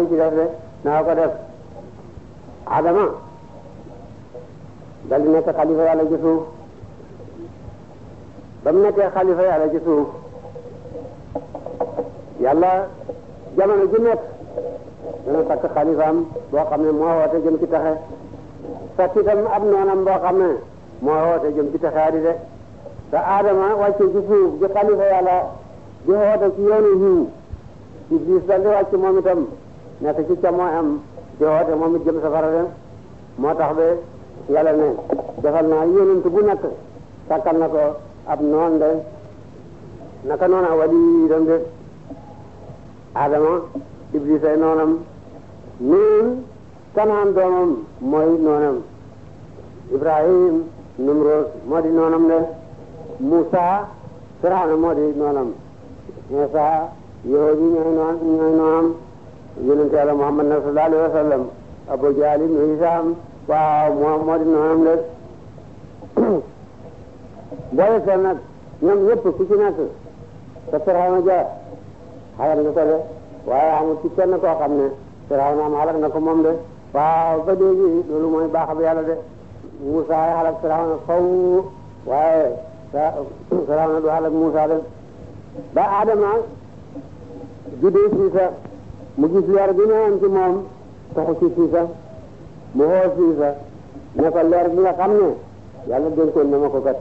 ci def de naa ko def adama dal di nekk xalifa yàlla ci suuf ba mu nekkee xalifa yàlla ci suuf yàlla jamono ji nekk dana takk xalifaam boo xam ne moo woote jëm ci taxe takk itam ab noonam boo xam ne moo woote jëm ci taxe adi de te aadama wàcce ci suuf di xalifa yàlla di woote ci yoonu yiw ci biis daldi wàcc moom itam nekk ci camooyam di woote moom it jëm safara de moo tax ba yàlla ne defal naa yonent bu nekk sàkkal na ko ab noon de naka noona wali itam de adama iblis ay noonam nuun kanaan doomam mooy noonam ibrahim numros moo di noonam de musa firawna moo di noonam isa yahudi ñooy noon ñooy noonam yonente yàlla muhammad na sallallahu alayhi wa sallam abu jaalim hisaam waaw moo moo di noonam de boole seen nag ñoom ñëpp ku ci nekk sa firawna jaar xagal nga ko de waaye amul ci kenn koo xam ne Firawna am xalag na ko moom de waaw ba léegi loolu mooy baax bi yàlla de Musa ay xalag Firawna faw waaye Firawna du xalag Musa de ba Adama juddee Siisa mu gis leer bi newoon ci moom taxu ci mu xool Siisa ne ko leer bi nga xam ne yàlla dénkoon na ma ko kat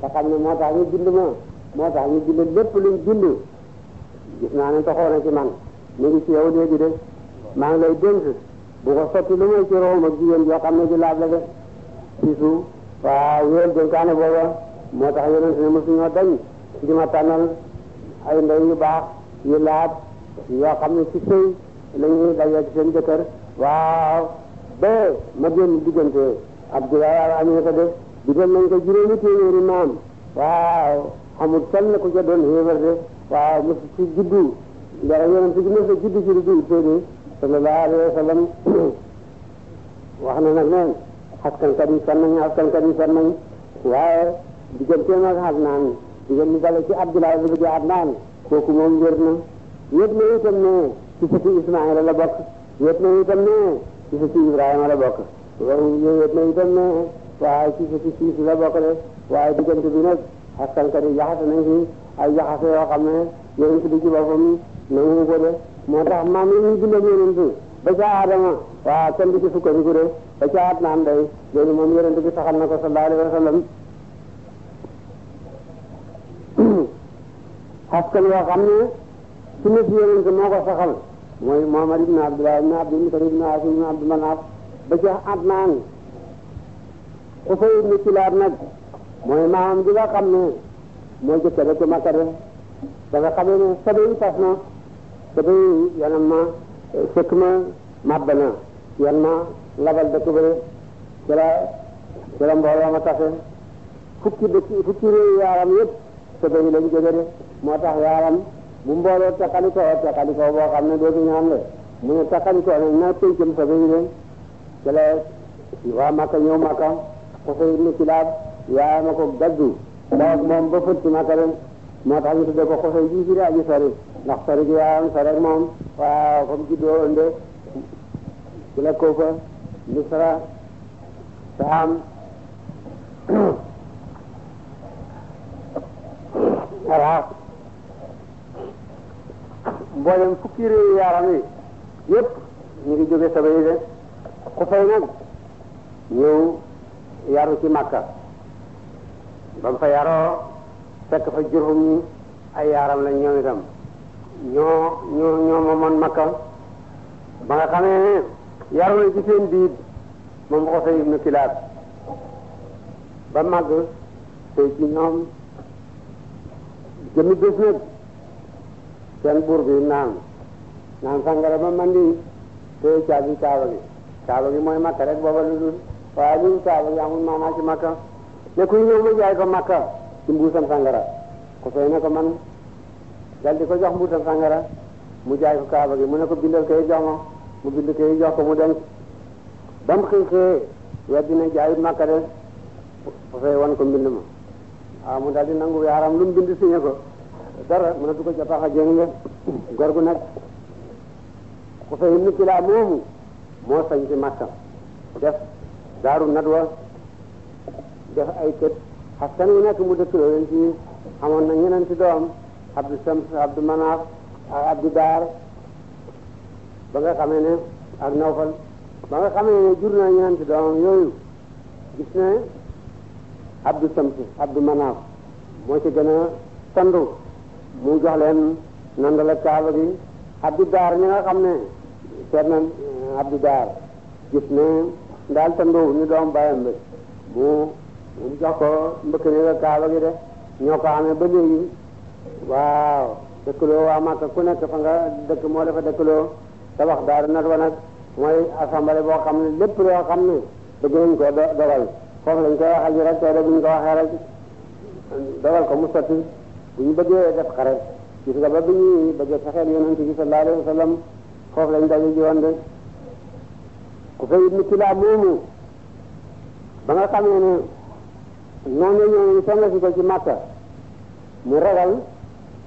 te xam ne moo tax ñu bind ma moo tax ñu bind lépp luñ bind gis naa ne taxoon na ci man mi ngi ci yow léegi de maa ngi lay dénk bu ko sotti lu may ci room ak jigéen joo xam ne di laaj la de ci suuf waaw wéel dénkaane booba moo tax yonent ne mosuñoo dañ di ma tànnal ay ndey yu baax yu laab yoo xam ne ci sëy la ñuy dajee ci seen jëkkër waaw ba ma génn diggante Abdoulaye waaw amee ko de digal nañ ko juróomi téeméeri maam waaw ku ca doon xéewal de waaw mos ci juddu dara yonent bi mos a juddu ci lu dul sallallahu alayhi wa sallam wax na nag ne askankat yi sonn nañ askankat yi sonn nañ waaye digganteem ak Adnaan diggante mu bale ci Abdoulaye bu bëgg Adnaan kooku na yëpp na itam ne ci sëti Ismaïla la bokk yëpp na itam ne ci sëti Ibrahima la bokk yëpp na itam ne waaye ci sëti Siis la bokk de waaye diggante bi nag askankat yi jaxase nañ ay jaxase yoo xam ne yonent bi ci boppam nangu ko de moo tax maam yi ñu jullee yonent bi ba ca Aadama waaw kenn du ci sukkandiku de ba ca at naan day loolu moom yonent bi saxal na ko sallallahu alayhi wa sallam askan yoo xam ne ci nit yonent moo ko saxal mooy Muhammad ibn Abdullah ibn Abdul Mutalib ibn Haasim ibn Abdul Manaaf ba ca at naan Xusay ibn Kilaab nag mooy maamam bi nga xam ne moo jëkk ca Makka de ba nga xamee ne sobe yi na sobe yi yanam ma sëkk ma màbb na yan ma labal dëkk bëri ci la ci la mbooloo ma tase fukki dëkk fukki réew yaaram yëpp sobe yi lañ jóge moo tax yaaram bu mbooloo takkalikoo takkalikoo boo xam ne dootu ñaan de ne takkalikoo nañ na pëncëm sobe yi de ci la waa Makka ñëw Makka ko fay ko gaddu daal moom ba fët ci Makka ren moo tax ñu tuddee ko xosey ji ci aji sori ndax sori gi yaayam sori ak moom waaw comme juddoo ënde Misra Saam [coughs] Iraq mboolem fukki réew yaaram yi yëpp ñu ngi jóge saba yi de xosey ba mu fa yaroo fekk fa Jurhum ñi ay yaaram lañ ñoom itam ñoo ñoo ñoo moomoon Makka ba nga xamee ne yaru na ci seen biir moom Xusay ibnu Kilaab ba màgg tey ci ñoom jëmi bés nag seen buur bi naan naan sàngara ba mandi tey caabi kaaba gi kaaba gi mooy Makka rek booba lu dul waaye lu dul kaaba gi ci Makka ne kuy ñëw ma jaay ko makka ci mbuusam sangara ko fay ne ko man dal ko jox mbuusam sangara mu jaay ko kaaba gi mu ne ko bindal kay jox ma mu bind kay jox ko mu denc ba mu xiixee weddi ne jaayut makka de ko fay wan ko mbind ma waaw ah, mu dal di nangu yaaram lu mu bind signé ko dara mu ne du ko a jéng gor gu nag ko fay nit ki laa moomu moo sañ ci makka def daaru nadwa def ay kët askan wi nekk mu dëkkloo leen ci amoon na ñeneen ci doom Abdou Shams Abdou Manaf ak Abdou Dar ba nga xamee ne ak Nawfal ba nga xamee ne jur na ñeneen ci doomam yooyu gis ne Abdou Shams Abdou Manaf moo ci gën a sandu mu jox leen nandala kaaba gi Abdou Dar ñi nga xam ne seet na Abdou Dar gis ne daal sandu ni doom bàyyam bi mu mu jox ko mbëkk ne nga kaaba gi de ñoo ko amee ba léegi waaw dëkkaloo waa Màkka ku nekk fa nga dëkk moo la fa dëkkaloo tabax daaru nat wa nag mooy assemblée boo xam ne lépp loo xam ne bëgg nañ ko dogal foofu lañ koy waxal ji rek tey de bu ñu ko waxee rek dogal ko mu sotti bu ñu bëggee def xare gis nga ba bi ñuy bëggee fexeel yonent bi sallallahu alayhi wa sallam foofu lañ de ku fay ibnu kilaa moomu ba nga xamee noonu la ñëwee ñu soxla si ko ci Makka mu ragal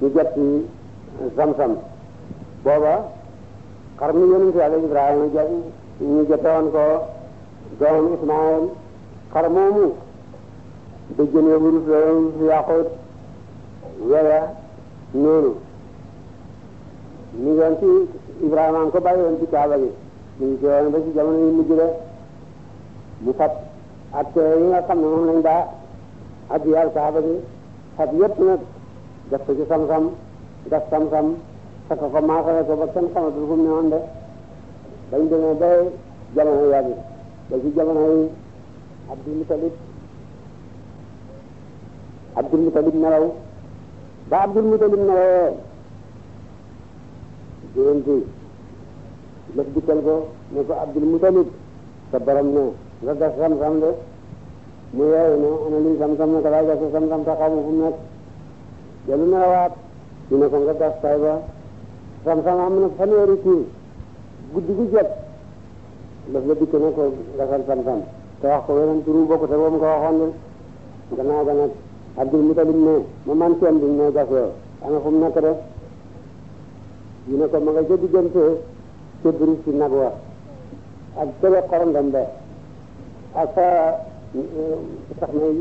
ñu jot ci Zamzam booba xar mi yonent Yàlla Ibrahima ñu jot ñu jotoon ko doomam Ismaël xar moomu dëjjënee wurus la wurus weya noonu ngi woon ci Ibrahima am ko bàyyi woon ci Kaaba gi ngi woon ba ci jamono yu mu fat ak yi nga xam ne moom lañ daa ak yàlla saxaaba bi xat yëpp nag def ko ci sam-sam def sam-sam fekk ko maasale ko ba kenn xamatul fu mu ne woon de bañ demee ba jamono yàgg ba ci jamono yi Abdul Mutalib Abdul Mutalib nelaw ba Abdul Mutalib nelawee jigéen bi lëf dikkal ko ne ko Abdul Mutalib sa borom ne nga def sam-sam de mu yooyu ne ana lii sam-sam ne ko laaj ak sam-sam te xaw na waat ñu ne ko am na fanweeri tur guddi gu jot daf la dikk ne ko gasal sam-sam te wax ko weneen turu bokkute boobu nga waxoon ne gannaaw ga nag Abdul ne ma man seen ne gas yow ana fu mu nekk de ko ma nga ca diggante ca si nag wa ak tele xorondom be ak fa sax may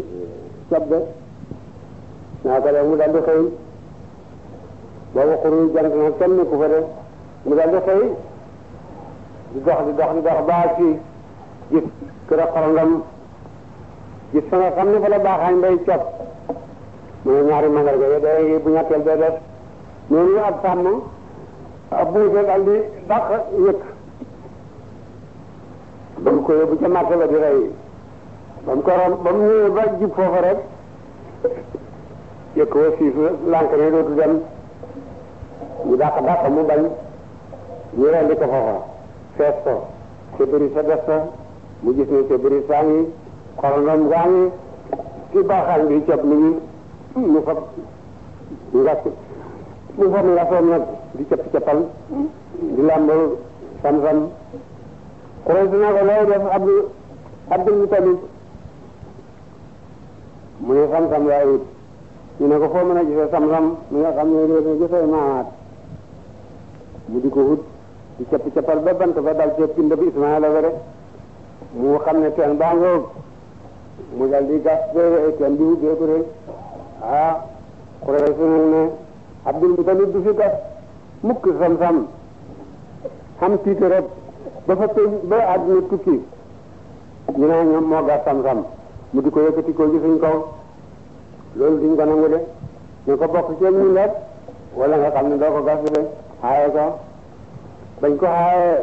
cobbe naa ko def mu daal di xëy boobu xuru jant na kenn ni ku fa mu daal di xëy di dox di dox di dox baa ci gis kër a xorongam gis fa nga xam ne fa la baaxaañ bay cob mu ne ñaari mandarga yo day bu ñetteel day def noonu ab sàmm ab buuse daal di dàq yëkk bëgg ko yóbbu ca ba di ba mu ko romb ba mu ñëwee ba jub foofa rek yëkk wasiif lànk ne dootu dem ñu dàq dàq mu bañ ñu rendi ko foofa fees ko Sébéri sa des na mu gis ne Sébéri saa ngi xorondom gaa ngi ci baaxaan bi cob mi ngi mu fab ngas mu nag di cap capal di làmbal sam-sam si na ko looy def Abdul Abdul Mutalib mu ne xam-xam laay wut ne ko foo mën a gisee sam-sam mi nga xam ne léegi gisee maamaat mu di ko wut di capp cappal ba bant ba dal ci pind bi Ismaila ba rek mu xam ne teen baa ngoog mu dal di gas ba teen bi ubbeeku rek ah Quraysh su ne ne Abdul Mutalib du fi gas mukk sam-sam xam tiite rek dafa tëj ba àdduna tukki ñu ne ñoom moo gas sam mu di ko yëkkati ko ci suñ kaw loolu duñ ko nangu de ñu ko bokk ceeb ñu lekk wala nga xam ne doo ko gas de xaaye ko bañ ko xaayee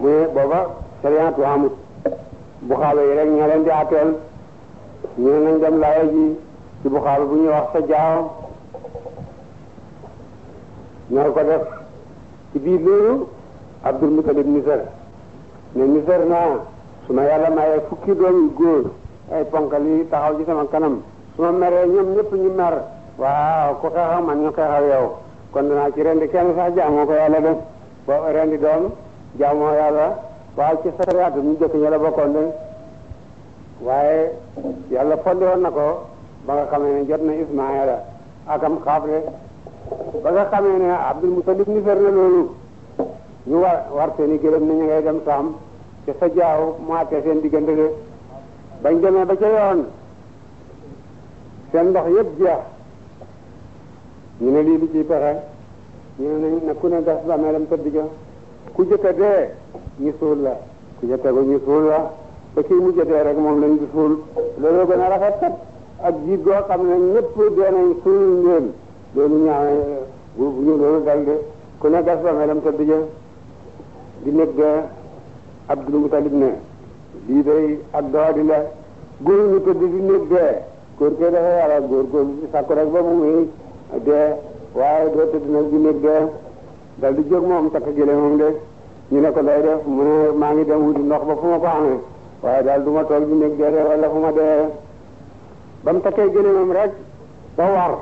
mu ne booba sariyaatu amut buxaaba yi rek ñoo leen di àtteel ñu ne nañ dem laaya ji ci buxaaba bu ñuy wax sa jaaw ñoo ko def ci biir loolu Abdul Mutalib misar ne misar naa su ma yàlla mayee fukki doom yu ay ponkal yi taxaw ci sama kanam su ma meree ñoom ñëpp ñu mer waaw ku xeexaw man ñu xeexaw yow kon danaa ci rendi kenn sa jaamoo ko yàlla de rendi doom jaamoo yàlla waaye ci sariyaatu ñu jëkk ña la bokkoon de waaye yàlla na ko ba nga xamee ne jot na Ismaayila akam xaafle ba nga xamee ne Abdul Mutalib ni fer na ñu war war seeni gëlëm ne ñu ngay dem saam te fa jaaw mu àtte seen diggante de bañ demee ba ca seen ndox yëpp jeex ñu ne lii bi ciy na ku ne gas bàmmeelam tëdd ca ku jëkk a dee ñu suul la ku ca tegu ñu suul la ba mu mujj dee rek moom lañ di suul loolu gën a rafet kat ak jiit goo xam ne ñëpp dee nañ suul leen loolu ñaaw bu ñu loolu dal de ku ne gas bàmmeelam tëdd ca di nekk de Abdul Mutalib ne lii day ak doxali la góor ñu tëdd di néeg dee góor koy dafa yàlla góor góor rek ba mu wéy waaye doo tëdd nag di néeg dee dal di jóg moom takk jële moom ñu ne ko lay def mu ne maa ngi dem wuti ndox ba fu ma ko amee waaye daal du ma toog di néeg dee wala fu ma de ba mu takkee jële moom rek ba war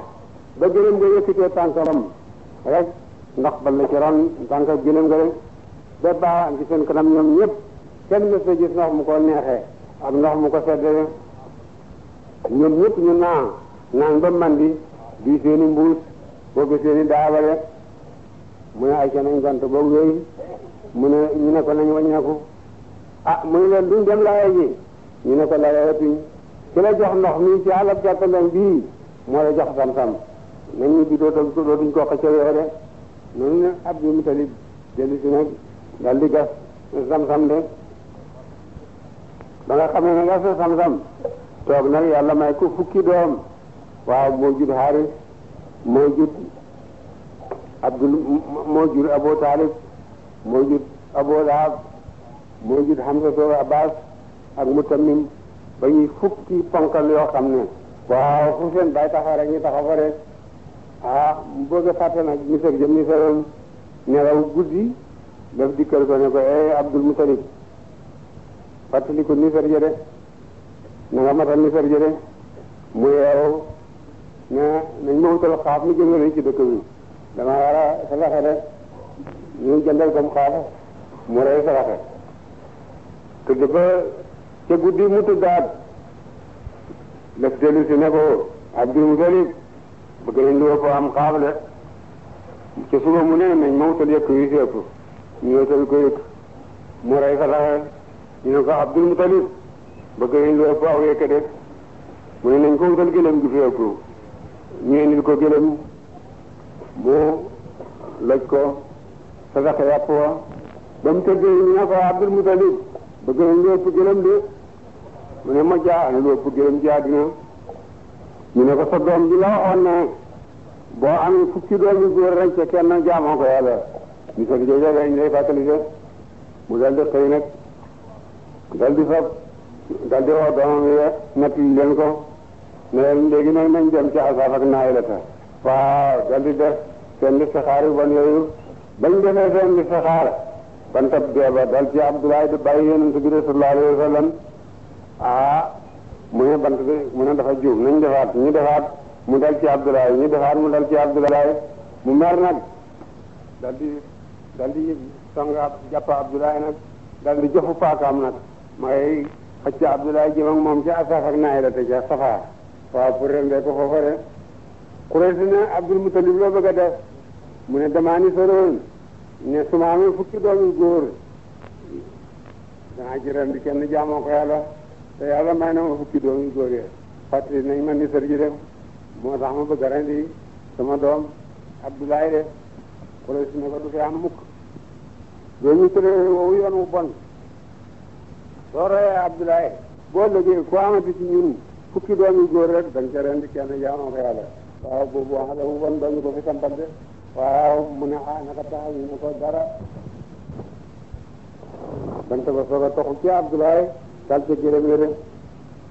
ba jëlem ba yëkkatee tànkam rek ndax bal la ci ron tànk jëlem nga ba baawaan ci seen kanam ñoom ñëpp kenn mës a gis ndox mu ko neexee ak ndox mu ko seddee ñoom ñëpp ñu naa naan ba mandi di seeni mbuus boobu seeni daabale mu ne ay ca nañ gant boog yooyu mu ne ñu ne ko nañ waññeeku ah mu leen duñ dem laye ji ñu ne ko layeetuñ ki la jox ndox mi ci àllab jàppandañ bii moo la jox sam-sam nañ ñu bi dootuñ ko xëccoo de noonu ne Abdou Moutalib dellu si nag daal di gas sam-sam nga xamee ne gas na sam-sam toog nag yàlla may ko fukki doom waaw moo jur Haris moo jur Abdul moo jur Abu Talib moo jur Abu Lahab moo jur Hamza to Abbas ak Mutammim ba ñuy fukki ponkal yoo xam ne waaw fu bay taxaw rek ñu taxaw rek ah bëgg a fàtte nag misër jëm misëram nelaw guddi daf dikkal ko ne ko eh Abdul Mutalib fàttaliku nisar ja de na nga matal nisar ja mu yeewu ne nañ ma wutal xaaf mu jëngale ci dëkk bi dama war a salaxe ko mu xaaf mu rey salaxe tëdd ba ca guddi mu tëddaat daf dellu si ne ko Abdul Mutalib bëgg nañ lu ko am xaaf de ca suba mu ne nañ ma wutal yëkk yu si ëpp ñu yéetal ko it mu rey fa laxeel ñu ne ko Abdul Mutalib bëgg nañ lu ëpp aw yekk de mu ne nañ ko wutal gëlëm gi fi ëpp ñu indil ko gëlëm mu loj ko sadaqa yàpp wa ba mu tëddee ñu ne ko Abdul Mutalib bëgg nañ lu ëpp gëlëm de mu ne ma jaa ne lu ëpp gëlëm ci àddina ñu ko sa doom bi la boo amee fukki doom yu góor rek ca kenn jaamoo ko yàlla ñu fekk jooja dañ lay fàttali ko mu daal di xëy nag daal di fab daal di wax doomam yi natt leen ko ne leen léegi nag nañ dem ci asaaf ak naay la ta waaw daal di def seen listixaar yu bon yooyu bañ defee seen listixaar ban tab deeba dal ci Abdoulaye di bàyyi yonent bi sallallahu alayhi wa sallam ah mu ne bant bi mu ne dafa juum nañ defaat ñu defaat mu dal ci Abdoulaye ñu defaat mu dal ci Abdoulaye mu mer nag dal di dal di sang ab jàpp Abdoulaye nag dal di joxu paakaam nag ma ngay xëcc Abdoulaye jëm ak moom ca Asaf ak Naayila te ca Safa waaw pour rembee ko foofa de loo bëgg a mu ne damaa ni soloon ne su ma amee fukki doomi góor danaa ci rendi kenn ko yàlla te yàlla may na ma fukki doomi góor yi fàttali nañ ma nisar ji def moo tax ma bëgg a sama doom Abdoulaye de Quraysh ko du fi am mukk boo ñu tëree wu bon soo royee Abdoulaye boo lëgee ku amati ci ñun fukki doom yu góor rek da nga ca ren di kenn jaamoo ko yàlla waaw boobu wax la mu bon doon ko fi sampal de waaw mu ne ah naka taxaw ko dara bant ba soog a toxu ci Abdoulaye dal ca gërëm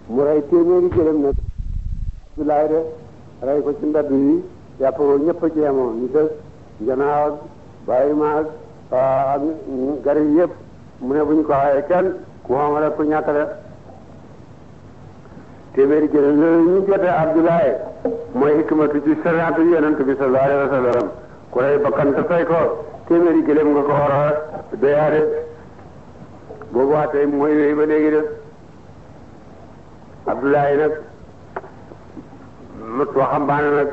mu rey téeméeri gërëm nag Abdoulaye de rey ko ci mbedd yi yàpp ko ñëpp a jeemoon ñu des njanaaw ak bàyyi ak gar mu ne bu ñu ko xawee kenn ku moom rek ku ñàkk de téeméeri gëléem loolu ñu jotee Abdoulaye mooy hikmatu ci sariatu yonent bi sallallahu alayhi wa sallam ku rey bakkan te fay ko téeméeri gëléem nga ko war a doyaade boobu waa tey mooy wéy ba léegi de Abdoulaye nag mut waxambaane nag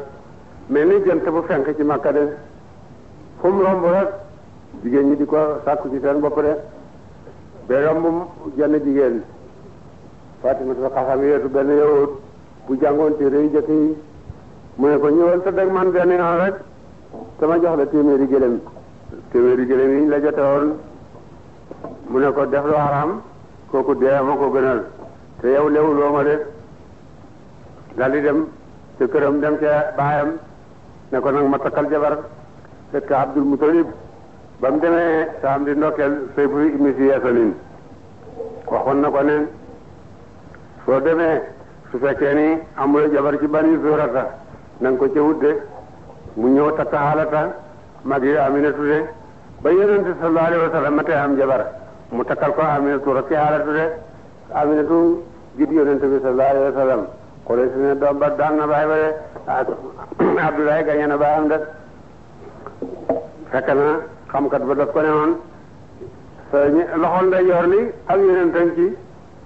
mel bu fenk ci Makka de fu mu jigéen ñi di ko sàkku ci seen bopp de ba romb jenn jigéen Fatimatu Xasaam yeetu benn yawut bu jàngoon téere yu jëkk yi mu ne ko ñëwal te deg man benn yoon rek sama jox la téeméeri gëlëm téeméeri gëlëm yi ñu la jote woon mu ne ko def lu haram kooku dee ma ko gënal te yow lewuloo ma de daal di dem ca këram dem ca baayam ne ko nag ma takkal jabar fekk Abdul Mutalib ba mu demee saam di ndokkeel Saybu ibnu si Yasamin waxoon na ko ne soo demee su fekkee ni amul jabar ci bani Zurata na ko ca wut de mu ñëw takk xaalata mag Aminatu de ba yonente sallallahu alayhi wa sallam matee am jabar mu takkal ko Aminatu rakki xaalatu de Aminatu jib yonente bi sallallahu alayhi wa sallam xole ne doom ba daan na baay ba de [coughs] Abdoulaye gañe na baayam de fekk xamkat ba daf ko ne woon sa loxol ndeyjoor li ak yonentam ci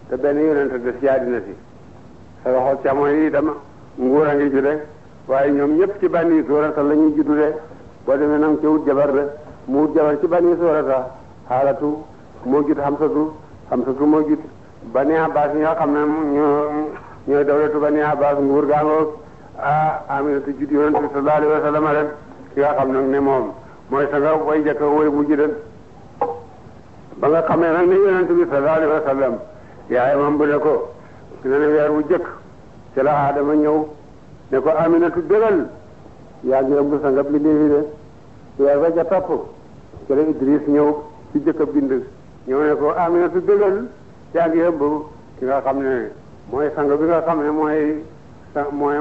te benn yonent des ci àddina si sa loxol càmmoñ yi itam nguur a ngi ci de waaye ñoom ñëpp ci bànni suurata la ñuy de boo demee nag ci wut jabar de mu wut jabar ci bànni suurata xaalatu moo jut xamsatu xamsatu moo jut bani abbas ñi nga xam ne ñoo ñooy dawlatu bani abbas nguur gaangoog ah aminatu jut yonent bi sallallahu alayhi wa sallam rek xam nag ne moom mooy sanga way njëkk way mujj ba nga xamee nag ni yonent bi sallallahu alayhi wa sallam yaayam ne ko ne ne weer wu jëkk ci la aadama ñëw ne ko aminatu dëgal yaa ngi ëmb sanga bi léegi de weer ba ca topp la Idris ñëw ci jëkk a bind ñëw ne ko aminatu dëgal yaa ngi ëmb ki nga xam ne mooy sang bi nga xam ne mooy mooy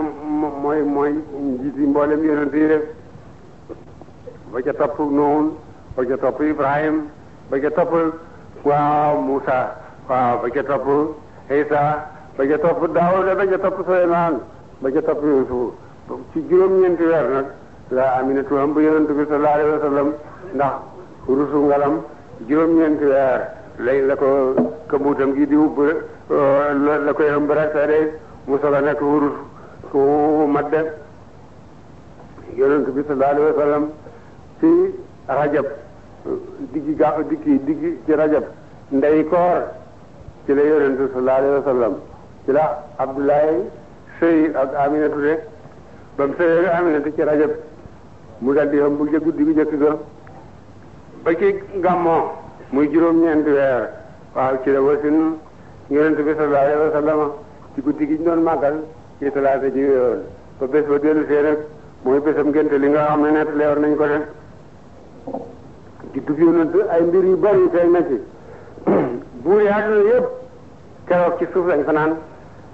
mooy mooy njiiti mboolem yonent yi rek ba ca topp Nuhun ba ca topp Ibrahim ba ca topp waaw Musa waaw ba ca topp Isa ba ca topp Daawuda ba ca topp Suleymaan ba ca topp Yuusuf ci juróom-ñeenti weer nag la Aminatu am bu yonent bi sallallahu alayhi wa ngalam juróom-ñeenti weer la ko këmbuutam gi di wubb la koy ëmb rek sa day mu soog a nekk wurus ku mat de bi sallallahu alayhi ci rajab diggi ga diggi ci rajab ndey koor ci la yonente sallallahu alayhi ci la abdoulaye sëy ak aminatu de ba mu sëy ak ci rajab mu dal di xam bu jëkk jëkk ba ci gàmmoo muy juróom-ñeenti weer waaw ci la wasin yonente bi sallallahu alayhi wa sallam guddi gi ñu doon màggal ci talaata ji weewoon ba bés ba dellu see nag mooy bésam ngénte li nga xam ne nettalewoon nañ ko de di dugg yonent ay mbir yu bari feeñ na ci [clears throat] buur yi àdduna yëpp keroog ci suuf lañ fanaan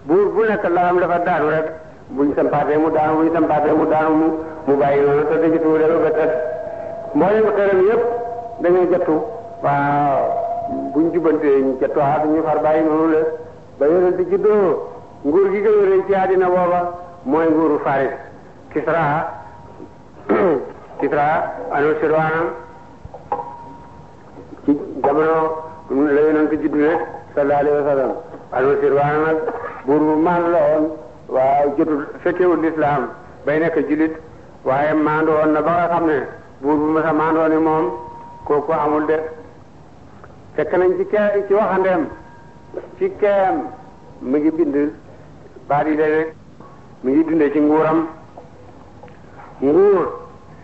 buur bu nekk lalam dafa daanu rek buñ sampaatee mu daanu buñ sampaatee mu daanu mu mu bàyyi noonu te dëgg tuuti ba tët mboolem xeeram yëpp dañuy jattu waaw buñ jubantee ah, far bàyyi noonu la ba yonent juddoo nguur gi gën a rëy ci àddina booba mooy nguuru Faris Kisra [clears throat] Kisra anu Sirwaanam jamono la yonent judd nag sallallahu alayhi wa sallam almasir waana nag buur bu maandu la jotul fekkewul lislaam bay nekk jullit waaye maandu woon na ba xam ne buur bu mas a maandoo moom kooku amul de fekk nañ ci kee ci waxandeem ci keem mu ngi bind baat yi léeg-léeg ngi dundee ci nguuram nguur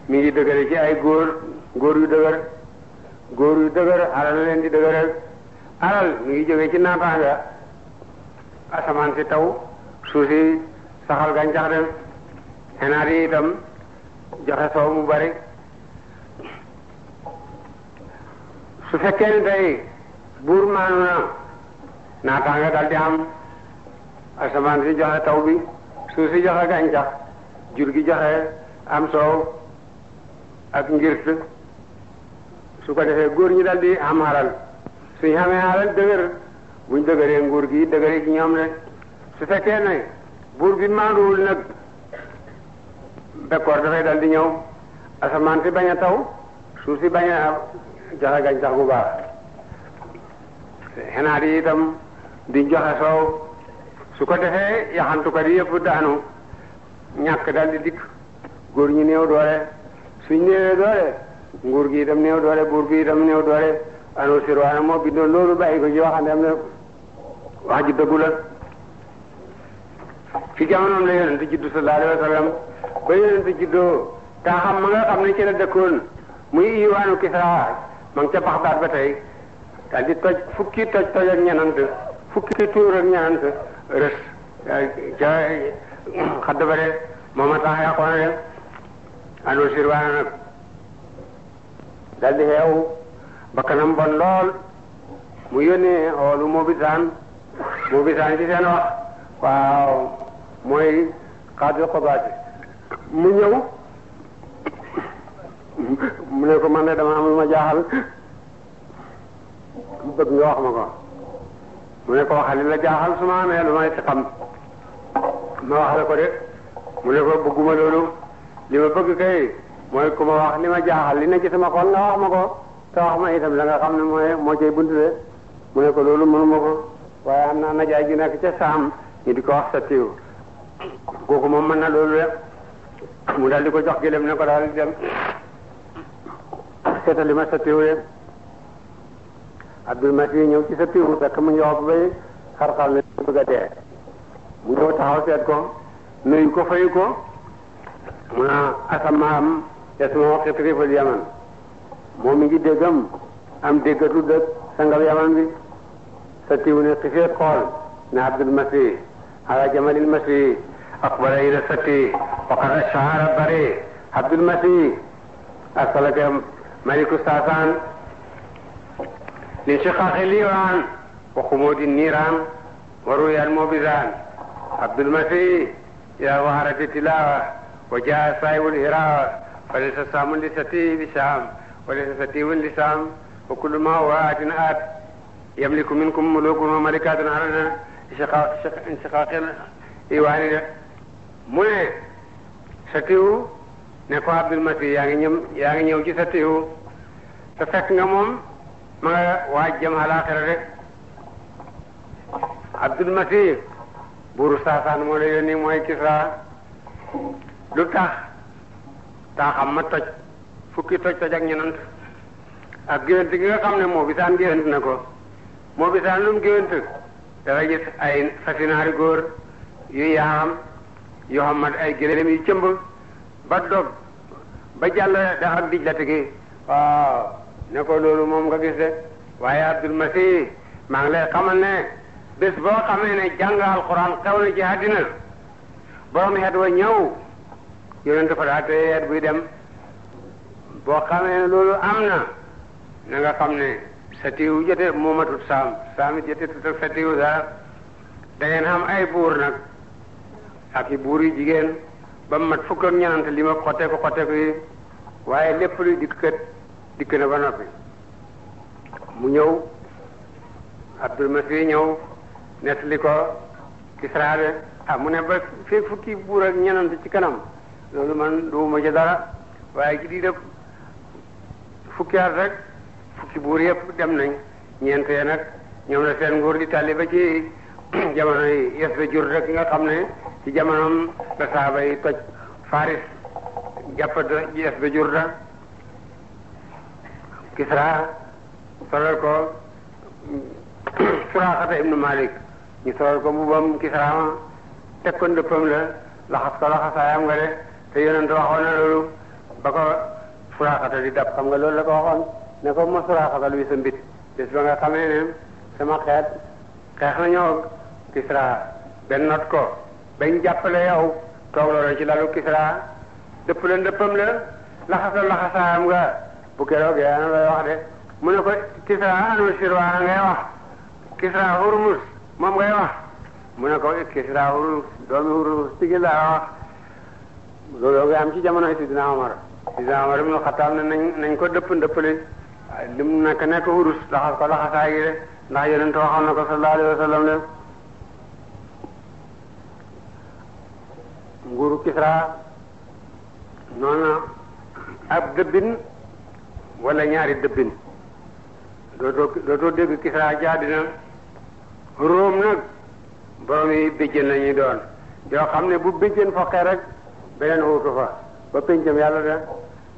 mi ngi dëgëre ci ay góor góor yu dëgër góor yu dëgër alal leen di dëgëral alal mi ngi jógee ci naataanga asamaan si taw suuf si saxal gàncax dem xenaat yi itam joxe soow mu bari su fekkee ni tey buur maanu naataanga dal di am asamaan si joxe taw bi suuf si joxe gàncax jur gi joxe am soow ak ngirt su ko defee góor ñi daal di am alal suñu amee dëgër buñ dëgëree nguur gi dëgëri ci ñoom rek su fekkee ne buur bi maanduwul nag bekkoor dafay dal di ñëw asamaan si bañ a taw suuf si bañ a joxe gàncax gu baax xenaat yi itam di joxe soow su ko defee yaxantukat yi yëpp daanu ñàkk dal di dikk góor ñi néew doole suñ néewee doole nguur gii itam néew doole buur gi itam néew doole anu sir waaye moo bindoon loolu bàyyi ko ci waxandam ne wax ji dëggu la ci jamonoom la yonent juddu sallallahu alayhi ba yonent juddoo taaxam ma nga xam ne ci la dëkkoon muy iwaanu Kisra ma ngi ca Baxdaad ba tey daal toj fukki toj toj ak ñanant fukki tuur ak ñanant rës ca xadd ba de moom a tax yàqoon anu sir waaye dal di xeewu bakkanam bon lool mu yónnee xoolu Mobitaan Mobitaan ci seen wax waaw mooy xaadul xobaati mu ñëw mu ne ko man de dama am lu ma jaaxal bëgg nga wax ma ko mu ne ko waxal li la jaaxal su ma amee lu may si xam ma wax la ko de mu ne ko bëgguma loolu li kay mooy ku ma wax li ma jaaxal li ne ci sama xol nga wax ma ko te wax ma itam la nga xam ne mooy moo cay bunt de mu ne ko loolu mënu ma ko waaye am naa najaay gi nekk ca saam ñu di ko wax sa tiw kooku moom mën na loolu rek mu daal di ko jox gëlëm ne ko daal di dem seetali ma sa tiw de ñëw ci sa tiw fekk mu ngi wax bay xarxal ne bëgg dee mu ñëw taxaw seet ko nuyu ko fayu ko mu naa asamaam اسمه قطريف اليمن moom mi ngi déggam am déggatu dëkk sangab yaman bi sa tiw ne xifee xool ne abdul masih ala jamalil masih akbara ila sati waqad ashara bari abdul masih asalaka maliku sasan li shiqaqi liwan wa khumudi niran wa ruya al mubizan abdul masih ila waharati tilawa wa jaa saibul hirawa وليس السام لستي بسام وليس ستي لسام وكل ما هو آت آت يملك منكم ملوك وملكات على انشقاق إيوان mu ne satiwu ne ko Abdul Masih yaa ngi ñëm yaa ngi ñëw ci satiwu te fekk nga moom ma nga waaj jëm alaaxira de Abdul Masih buuru saasaan moo la yónni mooy Kisra lu tax taaxam ma toj fukki toj toj ak ñenant ak géwént gi nga xam ne moo bisaan géwént na ko moo bisaan lu mu géwént dafa gis ay fasinaari góor yu yaaxam yoo xam ay gëléem yu cëmb ba dog ba jàll da ak dij la tigi waaw ne ko loolu moom nga gis de waaye Abdul Masih maa ngi lay xamal ne bés boo xamee ne jàng alxuraan xew na ci àddina borom xet wa ñëw yonent ko daa teyeet buy dem boo xamee ne loolu am na na nga xam ne sa tiwu jotee moomatut saam saam jotee tut ak sa tiwu dara da ay buur nag ak i buur yu jigéen ba mat fukk ak ñanant li ma xotteeku xotteeku yi waaye lépp luy dikk kët dikk na ba noppi mu ñëw Abdul Masih ñëw nettali ko Kisra ah mu ne ba fii fukki buur ak ñanant ci kanam loolu man duuma ci dara waaye ci diirab fukki at fukki buur yëpp dem nañ ñeent nag ñoom la seen nguur di tàlli ci [clears throat] jamono yi yes jur rek nga xam ne ci jamonoom la saaba yi toj Faris jàppa yes jur da Kisra solal ko [clears throat] Suraxata ibnu Malik ñu solal ko mbubam Kisra ma teg ko ndëppam la laxas ko laxasaayam nga de te yonent waxoon na loolu ba ko suraaxata di dab xam nga loolu la ko waxoon ne ko ma suraaxata luy sa mbit bés ba nga xamee ne sama xeet xeex nañoo Kisra not ko bañ jàppale yow toog loolu ci lalu Kisra dëpp la ndëppam la laxas la laxasaam nga bu wax de mu ne ko Kisra anul sirwaana ngay wax Kisra Hurmus moom ngay wax ko Kisra Hurmus doomi Hurmus tigi laa looloo am ci jamonoy Sidina Omar Sidina Omar ibn Xattaab ne nañ nañ ko dëpp ndëppale lim nekk nekk wurus laxas ko laxasaay gi de ndax yonent waxoon na ko sallallahu alayhi wa sallam de nguuru Kisra noonu na ab dëbbin wala ñaari dëbbin dootoo dootoo dégg Kisra jaadina Róom nag borom yi béjjën la doon yoo xam ne bu béjjën fokkee rek beneen wutu fa ba pencam yàlla de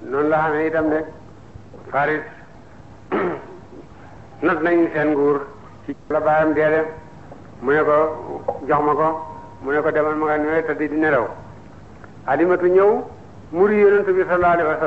noonu la xamee itam de faris [clears throat] not nañu seen nguur ci la baayam dee de mu ne ko jox ma ko mu ne ko demal ma nga tëdd di nelaw alimatu ñëw muri yonent bi sallallahu alayhi wa sallam